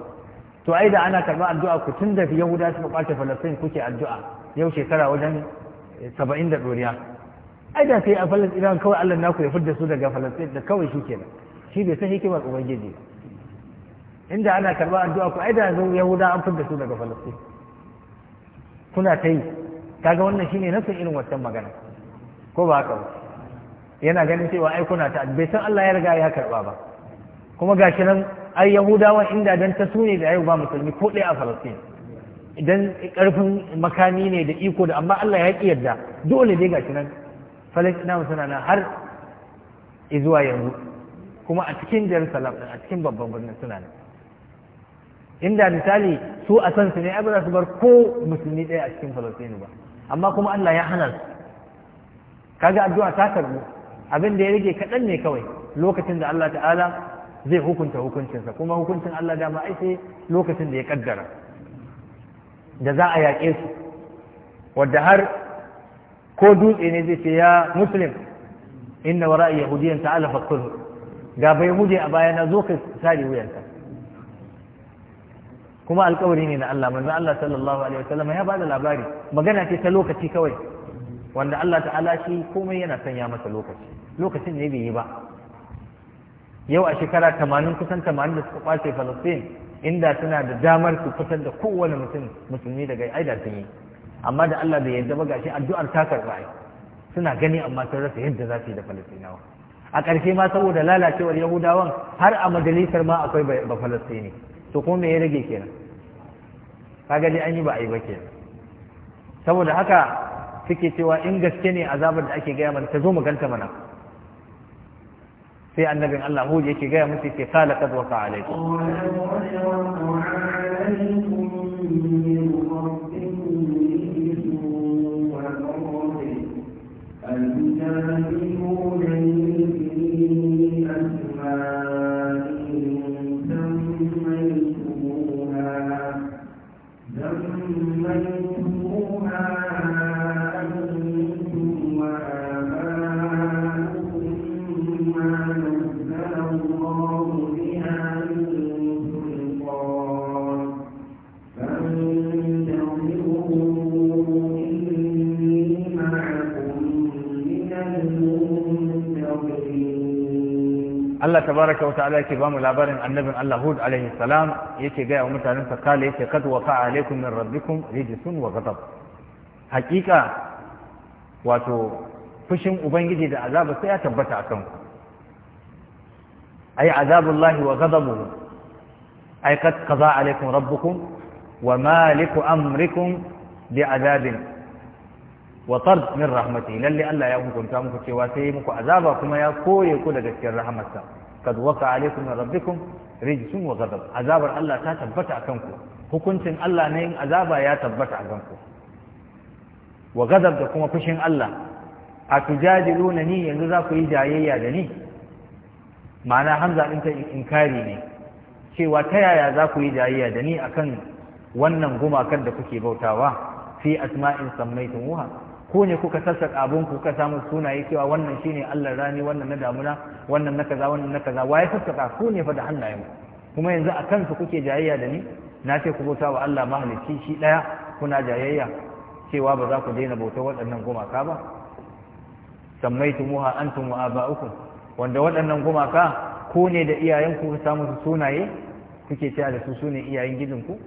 [SPEAKER 1] to ai da ana karɓar addu'a ku tun da yahuda suka kwace falastin kuke addu'a yau shekara wajen saba'in da ɗoriya ai da sai a falastin kawai Allah naku ya fidda su daga falastin da kawai shi kenan shi bai san hikimar ubangiji inda ana karba addu'a ku ai da yanzu yahuda an fitar su daga falastin kuna ta yi kaga wannan shine san irin wancan magana ko ba haka yana ganin cewa ai kuna ta bai san Allah ya riga ya karba ba kuma gashi nan ai yahudawan inda dan ta sune da yau ba musulmi ko ɗaya a falastin idan karfin makami ne da iko da amma Allah ya ki yarda dole dai gashi nan falastinawa suna nan har zuwa yanzu kuma a cikin jerusalem a cikin babban birnin suna nan inda misali su a san su ne ai ba za su bar ko musulmi ɗaya a cikin falastinu ba amma kuma allah ya hana su kaga addu'a ta karbu abin da ya rage kaɗan ne kawai lokacin da allah ta'ala zai hukunta hukuncinsa kuma hukuncin allah dama ai sai lokacin da ya kaddara da za a yaƙe su wadda har ko dutse ne zai ce ya muslim inna wara'i yahudiyan ta'ala faqtulhu ga bai muje a baya na zo ka sare wuyarka kuma alkawari ne na Allah manzo Allah sallallahu alaihi wasallam ya bada labari magana ce ta lokaci kawai wanda Allah ta'ala shi komai yana sanya masa lokaci lokacin ne bai yi ba yau a shekara 80 kusan 80 da suka kwace Palestine inda suna da damar su kusan da kowane mutum musulmi daga aida sun yi amma da Allah bai yarda ba gashi addu'ar ta karba suna gani amma sun rasa yadda za su yi da Falastinawa a ƙarshe ma saboda lalacewar yahudawan har a majalisar ma akwai ba falastini to kuma me ya rage kenan kaga dai an yi ba a yi ba kenan saboda haka suke cewa in gaske ne azabar da ake gaya mana ta zo mu ganta mana sai annabin Allah hu yake gaya musu ke kala kad wa
[SPEAKER 2] alaikum Thank you.
[SPEAKER 1] Allah tabaraka wa ta'ala yake bamu labarin annabin Allah Hud alaihi salam yake gaya wa mutanen sa kale yake kad wa fa'a alaikum min rabbikum rijsun wa ghadab hakika wato fushin ubangiji da azaba sai ya tabbata akan ku ay azabullahi wa ghadabuhu ay kad qaza alaikum rabbukum wa maliku amrikum bi azabin wa min rahmati lalle Allah ya hukunta muku cewa sai muku azaba kuma ya koye ku daga cikin rahmatsa kad waqa alaikum min rabbikum rijsun wa ghadab azabar Allah ta tabbata akan ku hukuncin Allah ne in azaba ya tabbata a ganku. wa ghadab da kuma fushin Allah a tujadiluna ni yanzu za ku yi jayayya da ni ma'ana hamza din ta inkari ne cewa ta yaya za ku yi jayayya da ni akan wannan gumakan da kuke bautawa fi asma'in wuha. ko ne kuka sassaƙa abun kuka samu sunaye cewa wannan shine Allah rani wannan na damuna wannan na kaza wannan na kaza waye sassaƙa ku ne fa da hannayen kuma yanzu a kansu kuke jayayya da ni na ce ku bauta wa Allah mahalicci shi daya kuna jayayya cewa ba za ku daina bautar waɗannan gumaka ba muha antum wa aba'ukum wanda waɗannan gumaka ku ne da iyayenku ku samu sunaye kuke cewa da su sune iyayen gidan ku?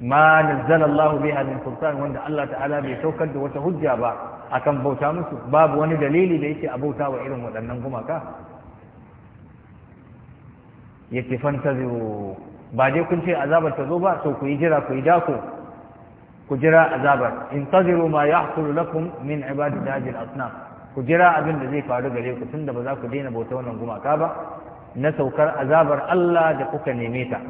[SPEAKER 1] ma Allah biha min sultan wanda Allah ta'ala bai saukar da wata hujja ba akan bauta musu babu wani dalili da yake a wa irin waɗannan gumaka yake fantaziru ba dai kun ce azabar ta zo ba to ku yi jira ku yi dako ku jira azabar intaziru ma yahsulu lakum min ibadati hadhihi al ku jira abin da zai faru gare ku tunda ba za ku daina bauta wannan gumaka ba na saukar azabar Allah da kuka neme ta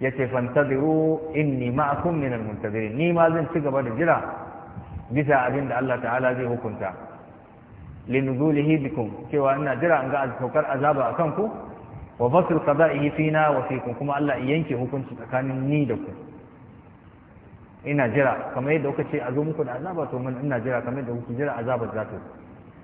[SPEAKER 1] yace fantaziru inni ma'akum minal muntazirin ni ma zan ci gaba da jira bisa abin da Allah ta'ala zai hukunta linuzulihi bikum cewa ina jira an ga saukar azaba akan ku wa fasl qada'ihi fina wa fikum kuma Allah yanke hukunci tsakanin ni da ku ina jira kamar yadda kuka ce a zo muku da azaba to mun ina jira kamar yadda kuka jira azabar za ta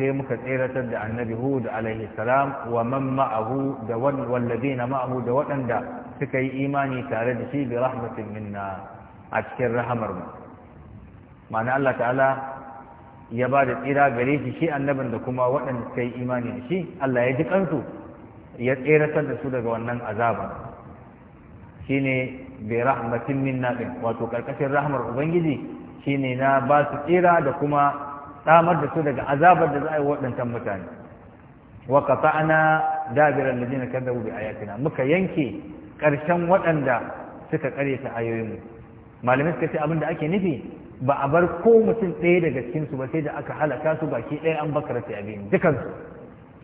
[SPEAKER 1] sai muka tseratar da annabi hud alaihi salam wa man ma'ahu da walladina ma'ahu da waɗanda suka yi imani tare da shi bi rahmatin minna a cikin rahamar mu ma'ana Allah ta'ala ya ba da tsira gare shi shi annabin da kuma waɗanda suka yi imani da shi Allah ya ji kansu ya tseratar da su daga wannan azaba shine bi rahmatin minna din wato karkashin rahmar ubangiji shine na ba su tsira da kuma tsamar da su daga azabar da za a yi waɗancan mutane wa qata'na dabiral ladina kadzabu bi ayatina muka yanke ƙarshen waɗanda suka ta ayoyinmu malamai suka ce abin da ake nufi ba a bar ko mutum ɗaya daga cikin su ba sai da aka halaka su baki ɗaya an bakara sai abin dukan su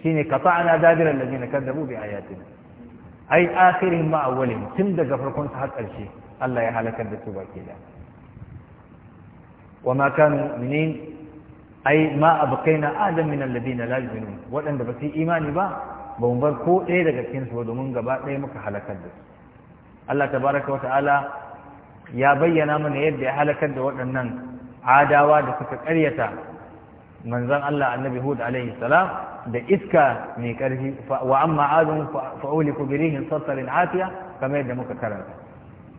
[SPEAKER 1] shine qata'na dabiral ladina kadzabu bi ayatina ai akhirin ma awwalin tun daga farkon su har ƙarshe Allah ya halakar da su baki ɗaya wa ma kanu minin ai ma abkaina adam min alladina la yu'minun waɗanda ba su imani ba ba mu bar ko ɗaya daga cikin su domin gaba ɗaya muka halakar da su Allah tabaraka wa ta'ala ya bayyana mana yadda ya halakar da waɗannan adawa da suka ƙaryata manzon Allah annabi Hud alaihi salam da iska mai ƙarfi wa amma adun fa uliku bi rihin sarsarin afiya kamar yadda muka karanta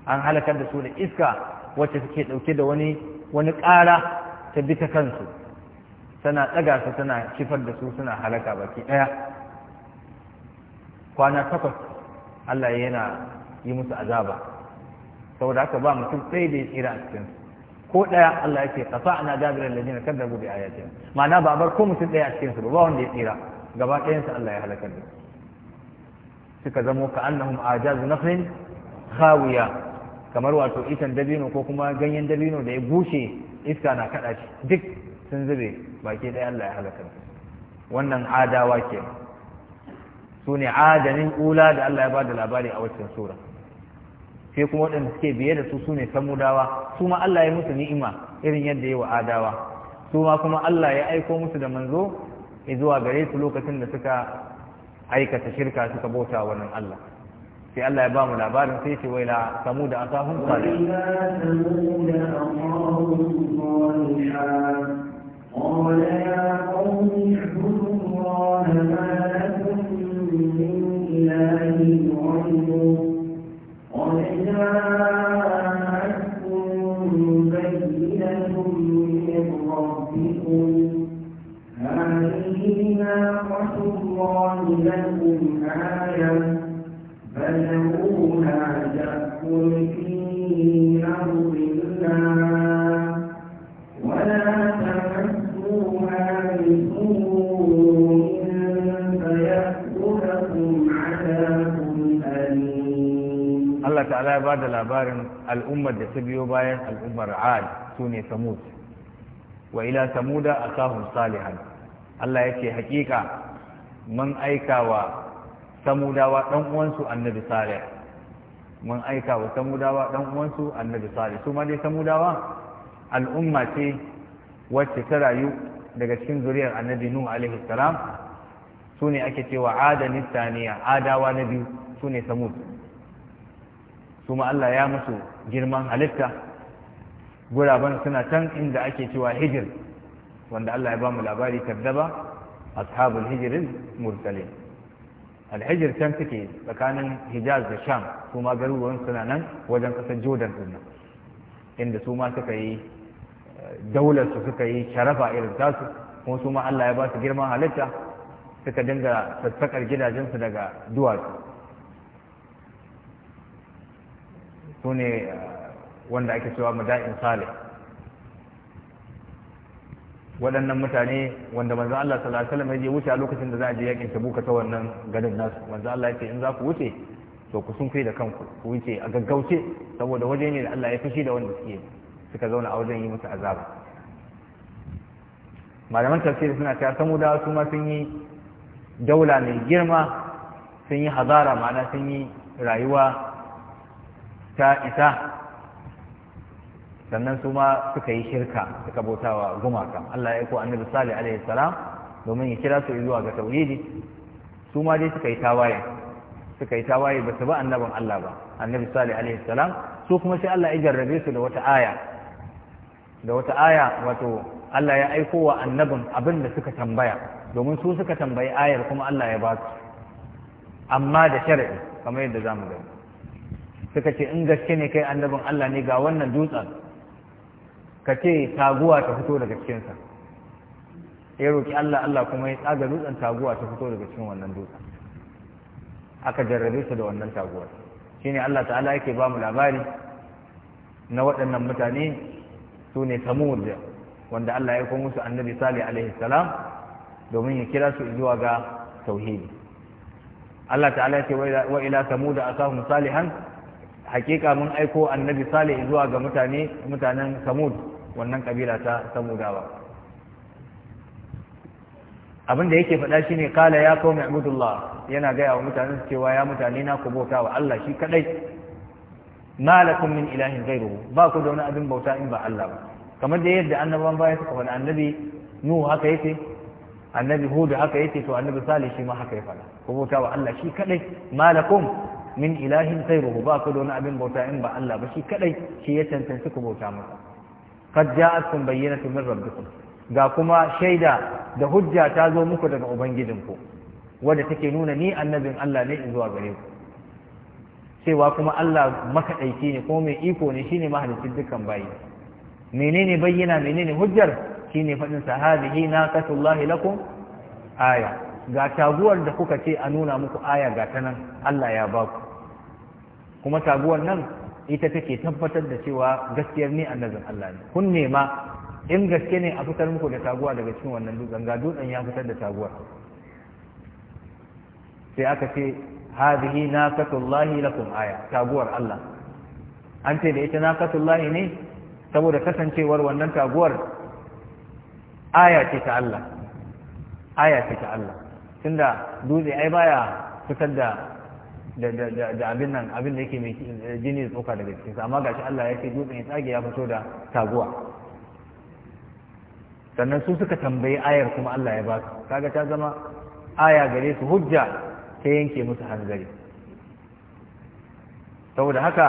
[SPEAKER 1] an halakar da su da iska wacce suke ɗauke da wani wani ƙara ta bi ta kansu tana ɗaga su tana kifar da su suna halaka baki ɗaya kwana takwas Allah yana yi musu azaba saboda haka ba mutum ɗaya da ya tsira a cikin ko ɗaya Allah ya a kafa ana da jina kada gudu da ayatin ma'ana ba bar ko mutum ɗaya a cikin su ba wanda ya tsira gaba ɗayansa Allah ya halakar da suka zamo ka annahum ajazu nakhlin khawiya kamar wato itan dabino ko kuma ganyen dabino da ya bushe iska na kaɗa shi duk sun zube baki ɗaya Allah ya halaka wannan adawa ke su ne adanin ula da Allah ya ba da labari a waccan sura sai kuma waɗanda suke biye da su su ne samudawa su ma Allah ya musu ni'ima irin yadda ya wa adawa su ma kuma Allah ya aiko musu da manzo zuwa gare su lokacin da suka aikata shirka suka bauta wannan Allah sai Allah ya ba mu labarin sai ce waila samu da asahun salih al'ummar da ta biyo bayan al'ummar ad su ne samud wa ila samuda sahun salihan Allah ya ce hakika mun aika wa samudawa dan uwansu annabi salih mun aika wa samudawa dan uwansu annabi salih su ma dai samudawa al'umma ce wacce ta rayu daga cikin zuriyar annabi nuhu alaihi salam su ne ake cewa adanin saniya adawa na biyu su ne samud su Allah ya musu girman halitta guraben suna can inda ake cewa hijir wanda Allah ya ba mu labari kaddaba ashabul hijirin mursalin alhijir can suke tsakanin hijaz da sham kuma garuruwan suna nan wajen kasar jordan din nan inda su ma suka yi eh, daular su suka yi sharafa irin tasu kuma su ma Allah ya ba su girman halitta suka dinga sassaƙar gidajensu daga duwatsu su ne eh, wanda ake cewa mada'in salih waɗannan mutane wanda manzo Allah sallallahu alaihi wasallam ya wuce a lokacin da za a je yakin Tabuk ta wannan garin nasu manzo Allah ya ce in za ku wuce to ku sun kai da kanku ku wuce a gaggauce saboda waje ne da Allah ya fushi da wanda suke suka zauna a wajen yi musu azaba malaman tafsiri suna cewa da su ma sun yi daula mai girma sun yi hazara ma'ana sun yi rayuwa ta isa sannan su ma suka yi shirka suka bautawa gumaka Allah ya aiko annabi salih alaihi salam domin ya kira su zuwa ga tauhidi su ma dai suka yi tawaye suka yi tawaye ba su ba annabin Allah ba annabi salih alaihi salam su kuma sai Allah ya jarrabe su da wata aya da wata aya wato Allah ya aiko wa annabin abin da suka tambaya domin su suka tambayi ayar kuma Allah ya ba su amma da shari'i kamar yadda zamu gani suka ce in gaske ne kai annabin Allah ne ga wannan dutsen ka ce taguwa ta fito daga cikinsa ya roƙi Allah Allah kuma ya tsaga dutsen taguwa ta fito daga cikin wannan dutsen aka jarrabe su da wannan taguwar shine Allah ta'ala yake ba mu labari na waɗannan mutane su ne samud wanda Allah ya kuma musu annabi salih alaihi salam domin ya kira su zuwa ga tauhidi Allah ta'ala ya ce wa ila samuda akahum salihan hakika mun aiko annabi salih zuwa ga mutane mutanen samud wannan kabila ta samudawa abin da yake faɗa shine kala ya kawo ma'budullah yana gaya wa mutane su cewa ya mutane na ku bauta wa Allah shi kadai malakum min ilahin ghairuhu ba ku da wani abin bauta in ba Allah ba kamar da yadda annaban baya suka faɗa annabi nuhu haka yake annabi hudu haka yake to annabi salih shi ma haka ya faɗa ku bauta wa Allah shi kadai malakum min ilahin ghayruhu ba ku da wani abin bauta in ba Allah ba shi kadai shi ya tantance ku bauta masa qad ja'atkum bayyinatun min rabbikum ga kuma shaida da hujja ta zo muku daga ubangijinku wadda take nuna ni annabin Allah ne in zuwa gare ku cewa kuma Allah makaɗaici ne kuma mai iko ne shine mahalicin dukkan bayi menene bayyana menene hujjar shine faɗin sahabihi na kasullahi lakum aya ga taguwar da kuka ce a nuna muku aya ga ta nan Allah ya ba ku kuma taguwar nan ita take tabbatar da cewa gaskiyar ni annabin Allah ne kun nema in gaske ne a fitar muku da taguwa daga cikin wannan dutsen ga dutsen ya fitar da taguwar sai aka ce hadhihi naqatullahi lakum aya taguwar Allah an ce da ita naqatullahi ne saboda kasancewar wannan taguwar aya ce ta Allah aya ce ta Allah tunda dutse ai baya fitar da da abin nan abin da yake mai jini tsoka daga cikinsa amma gashi Allah ya ce dutsen ya tsage ya fito da taguwa sannan su suka tambayi ayar kuma Allah ya ba su kaga ta zama aya gare su hujja ta yanke musu hanzari saboda haka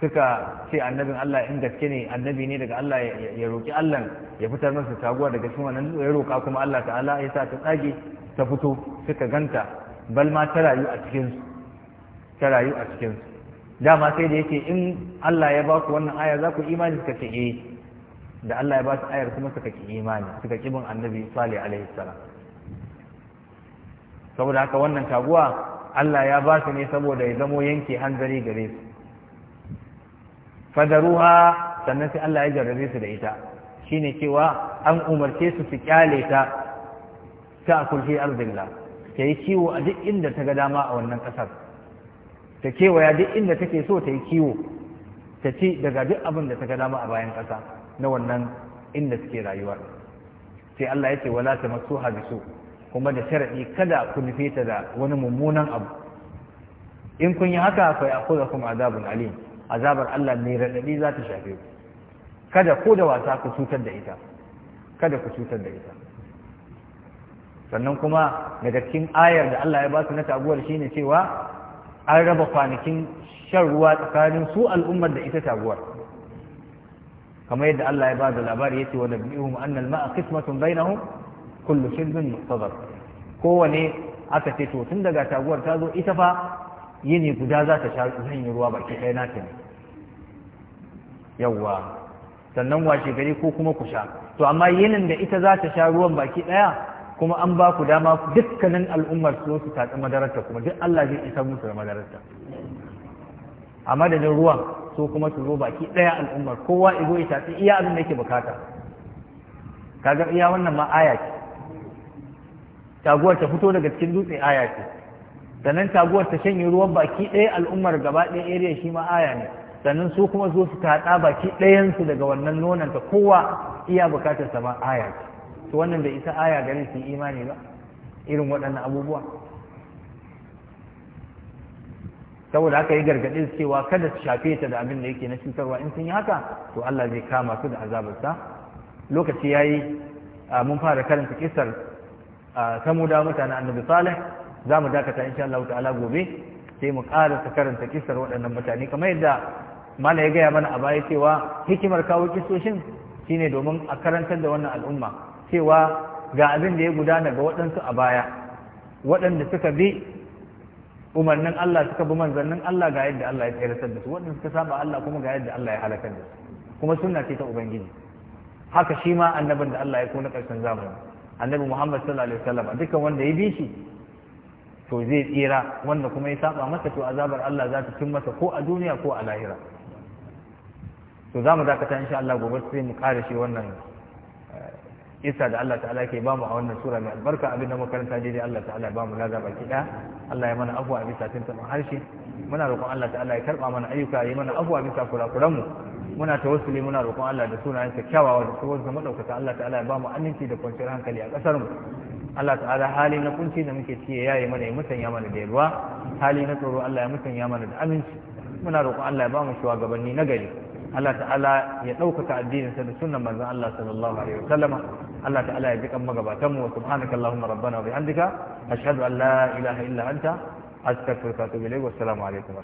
[SPEAKER 1] suka ce annabin Allah in gaske ne annabi ne daga Allah ya roki Allah ya fitar masa taguwa daga cikin wannan ya roka kuma Allah ta'ala ya sa ta tsage ta fito suka ganta bal ma ta rayu a cikinsu. ta rayu a cikinsu. dama sai da yake in Allah ya ba ku wannan aya za ku imani suka ce eh da Allah ya ba su ayar kuma suka ki imani suka ki bin annabi sali alaihi salam saboda haka wannan taguwa Allah ya ba su ne saboda ya zamo yanke hanzari gare su fadaruha sannan sai Allah ya jarrabe su da ita shine cewa an umarce su su kyale ta ta kulfi arzillah ta yi kiwo a duk inda ta ga dama a wannan ƙasar. ta kewaya duk inda take so ta yi kiwo ta ci daga duk abin da ta ga dama a bayan ƙasa na wannan inda suke rayuwa sai Allah ya ce wala ta masu habisu kuma da sharaɗi kada ku nufe ta da wani mummunan abu in kun yi haka fa ya kuza kuma azabun alim azabar Allah mai raɗaɗi za ta shafe ku kada ko da wasa ku cutar da ita kada ku cutar da ita sannan kuma daga cikin ayar da Allah ya ba su na taguwar shine cewa an raba kwanakin shan ruwa tsakanin su al'ummar da ita taguwar kamar yadda Allah ya ba da labari yace wa nabiyuhum annal ma'a qismatun bainahum kullu shirrin muqtadar kowane aka ce to tun daga taguwar ta zo ita fa yini guda za ta sha yi ruwa baki ɗaya na ne yawwa sannan washe gari ko kuma ku sha to amma yinin da ita za ta sha ruwan baki ɗaya kuma an ba ku dama dukkanin al'ummar su su taɗi madararta kuma duk Allah zai isa musu da madararta a madadin ruwan so kuma su zo baki ɗaya al'ummar kowa igo ya taɗi iya abin da yake bukata kaga iya wannan ma aya ce taguwar ta fito daga cikin dutse aya ce sannan taguwar ta shanye ruwan baki ɗaya al'ummar gaba ɗaya area shi ma aya ne sannan su kuma zo su taɗa baki ɗayansu daga wannan nonanta kowa iya bukatar sama aya ce to wannan bai isa aya gare su imani ba irin waɗannan abubuwa saboda haka yi gargaɗin cewa kada su shafe ta da abin da yake na cutarwa in sun yi haka to Allah zai kama su da azabarsa lokaci ya yi mun fara karanta kisar samuda mutane annabi salih za mu dakata insha Allah ta'ala gobe sai mu karanta karanta kisar waɗannan mutane kamar yadda mana ya gaya mana a baya cewa hikimar kawo kisoshin shine domin a karantar da wannan al'umma cewa ga abin da ya gudana ga waɗansu a baya waɗanda suka bi umarnin Allah suka bi manzannin Allah ga yadda Allah ya tsayar da su waɗanda suka saba Allah kuma ga yadda Allah ya halakar da su kuma sunna ce ta ubangiji haka shi ma annabin da Allah ya kona ƙarshen zamani annabi Muhammad sallallahu alaihi wasallam dukkan wanda ya bi shi to zai tsira wanda kuma ya saba masa to azabar Allah za ta cin masa ko a duniya ko a lahira to za mu dakata insha Allah gobe sai mu kare shi wannan isa da Allah ta'ala ke bamu a wannan sura mai albarka abin da makaranta daidai Allah ta'ala ya bamu laza baki ɗaya Allah ya mana afuwa a bisa tuntuɓin harshe muna roƙon Allah ta'ala ya karba mana ayyuka ya mana afuwa bisa kurakuranmu muna tawassuli muna roƙon Allah da sunayen kyawawa da sunan sa madaukaka Allah ta'ala ya bamu aminci da kwanciyar hankali a ƙasar mu Allah ta'ala hali na kunci da muke ciye yayi mana ya musanya mana da yalwa hali na tsoro Allah ya musanya mana da aminci muna roƙon Allah ya bamu shugabanni na gari Allah ta'ala ya ɗaukaka sa da sunan manzon Allah sallallahu alaihi wasallama Allah ta'ala ya ji kan magabatan mu subhanaka allahumma rabbana wa bihamdika ashhadu an la ilaha illa anta astaghfiruka wa atubu ilayk wa assalamu alaikum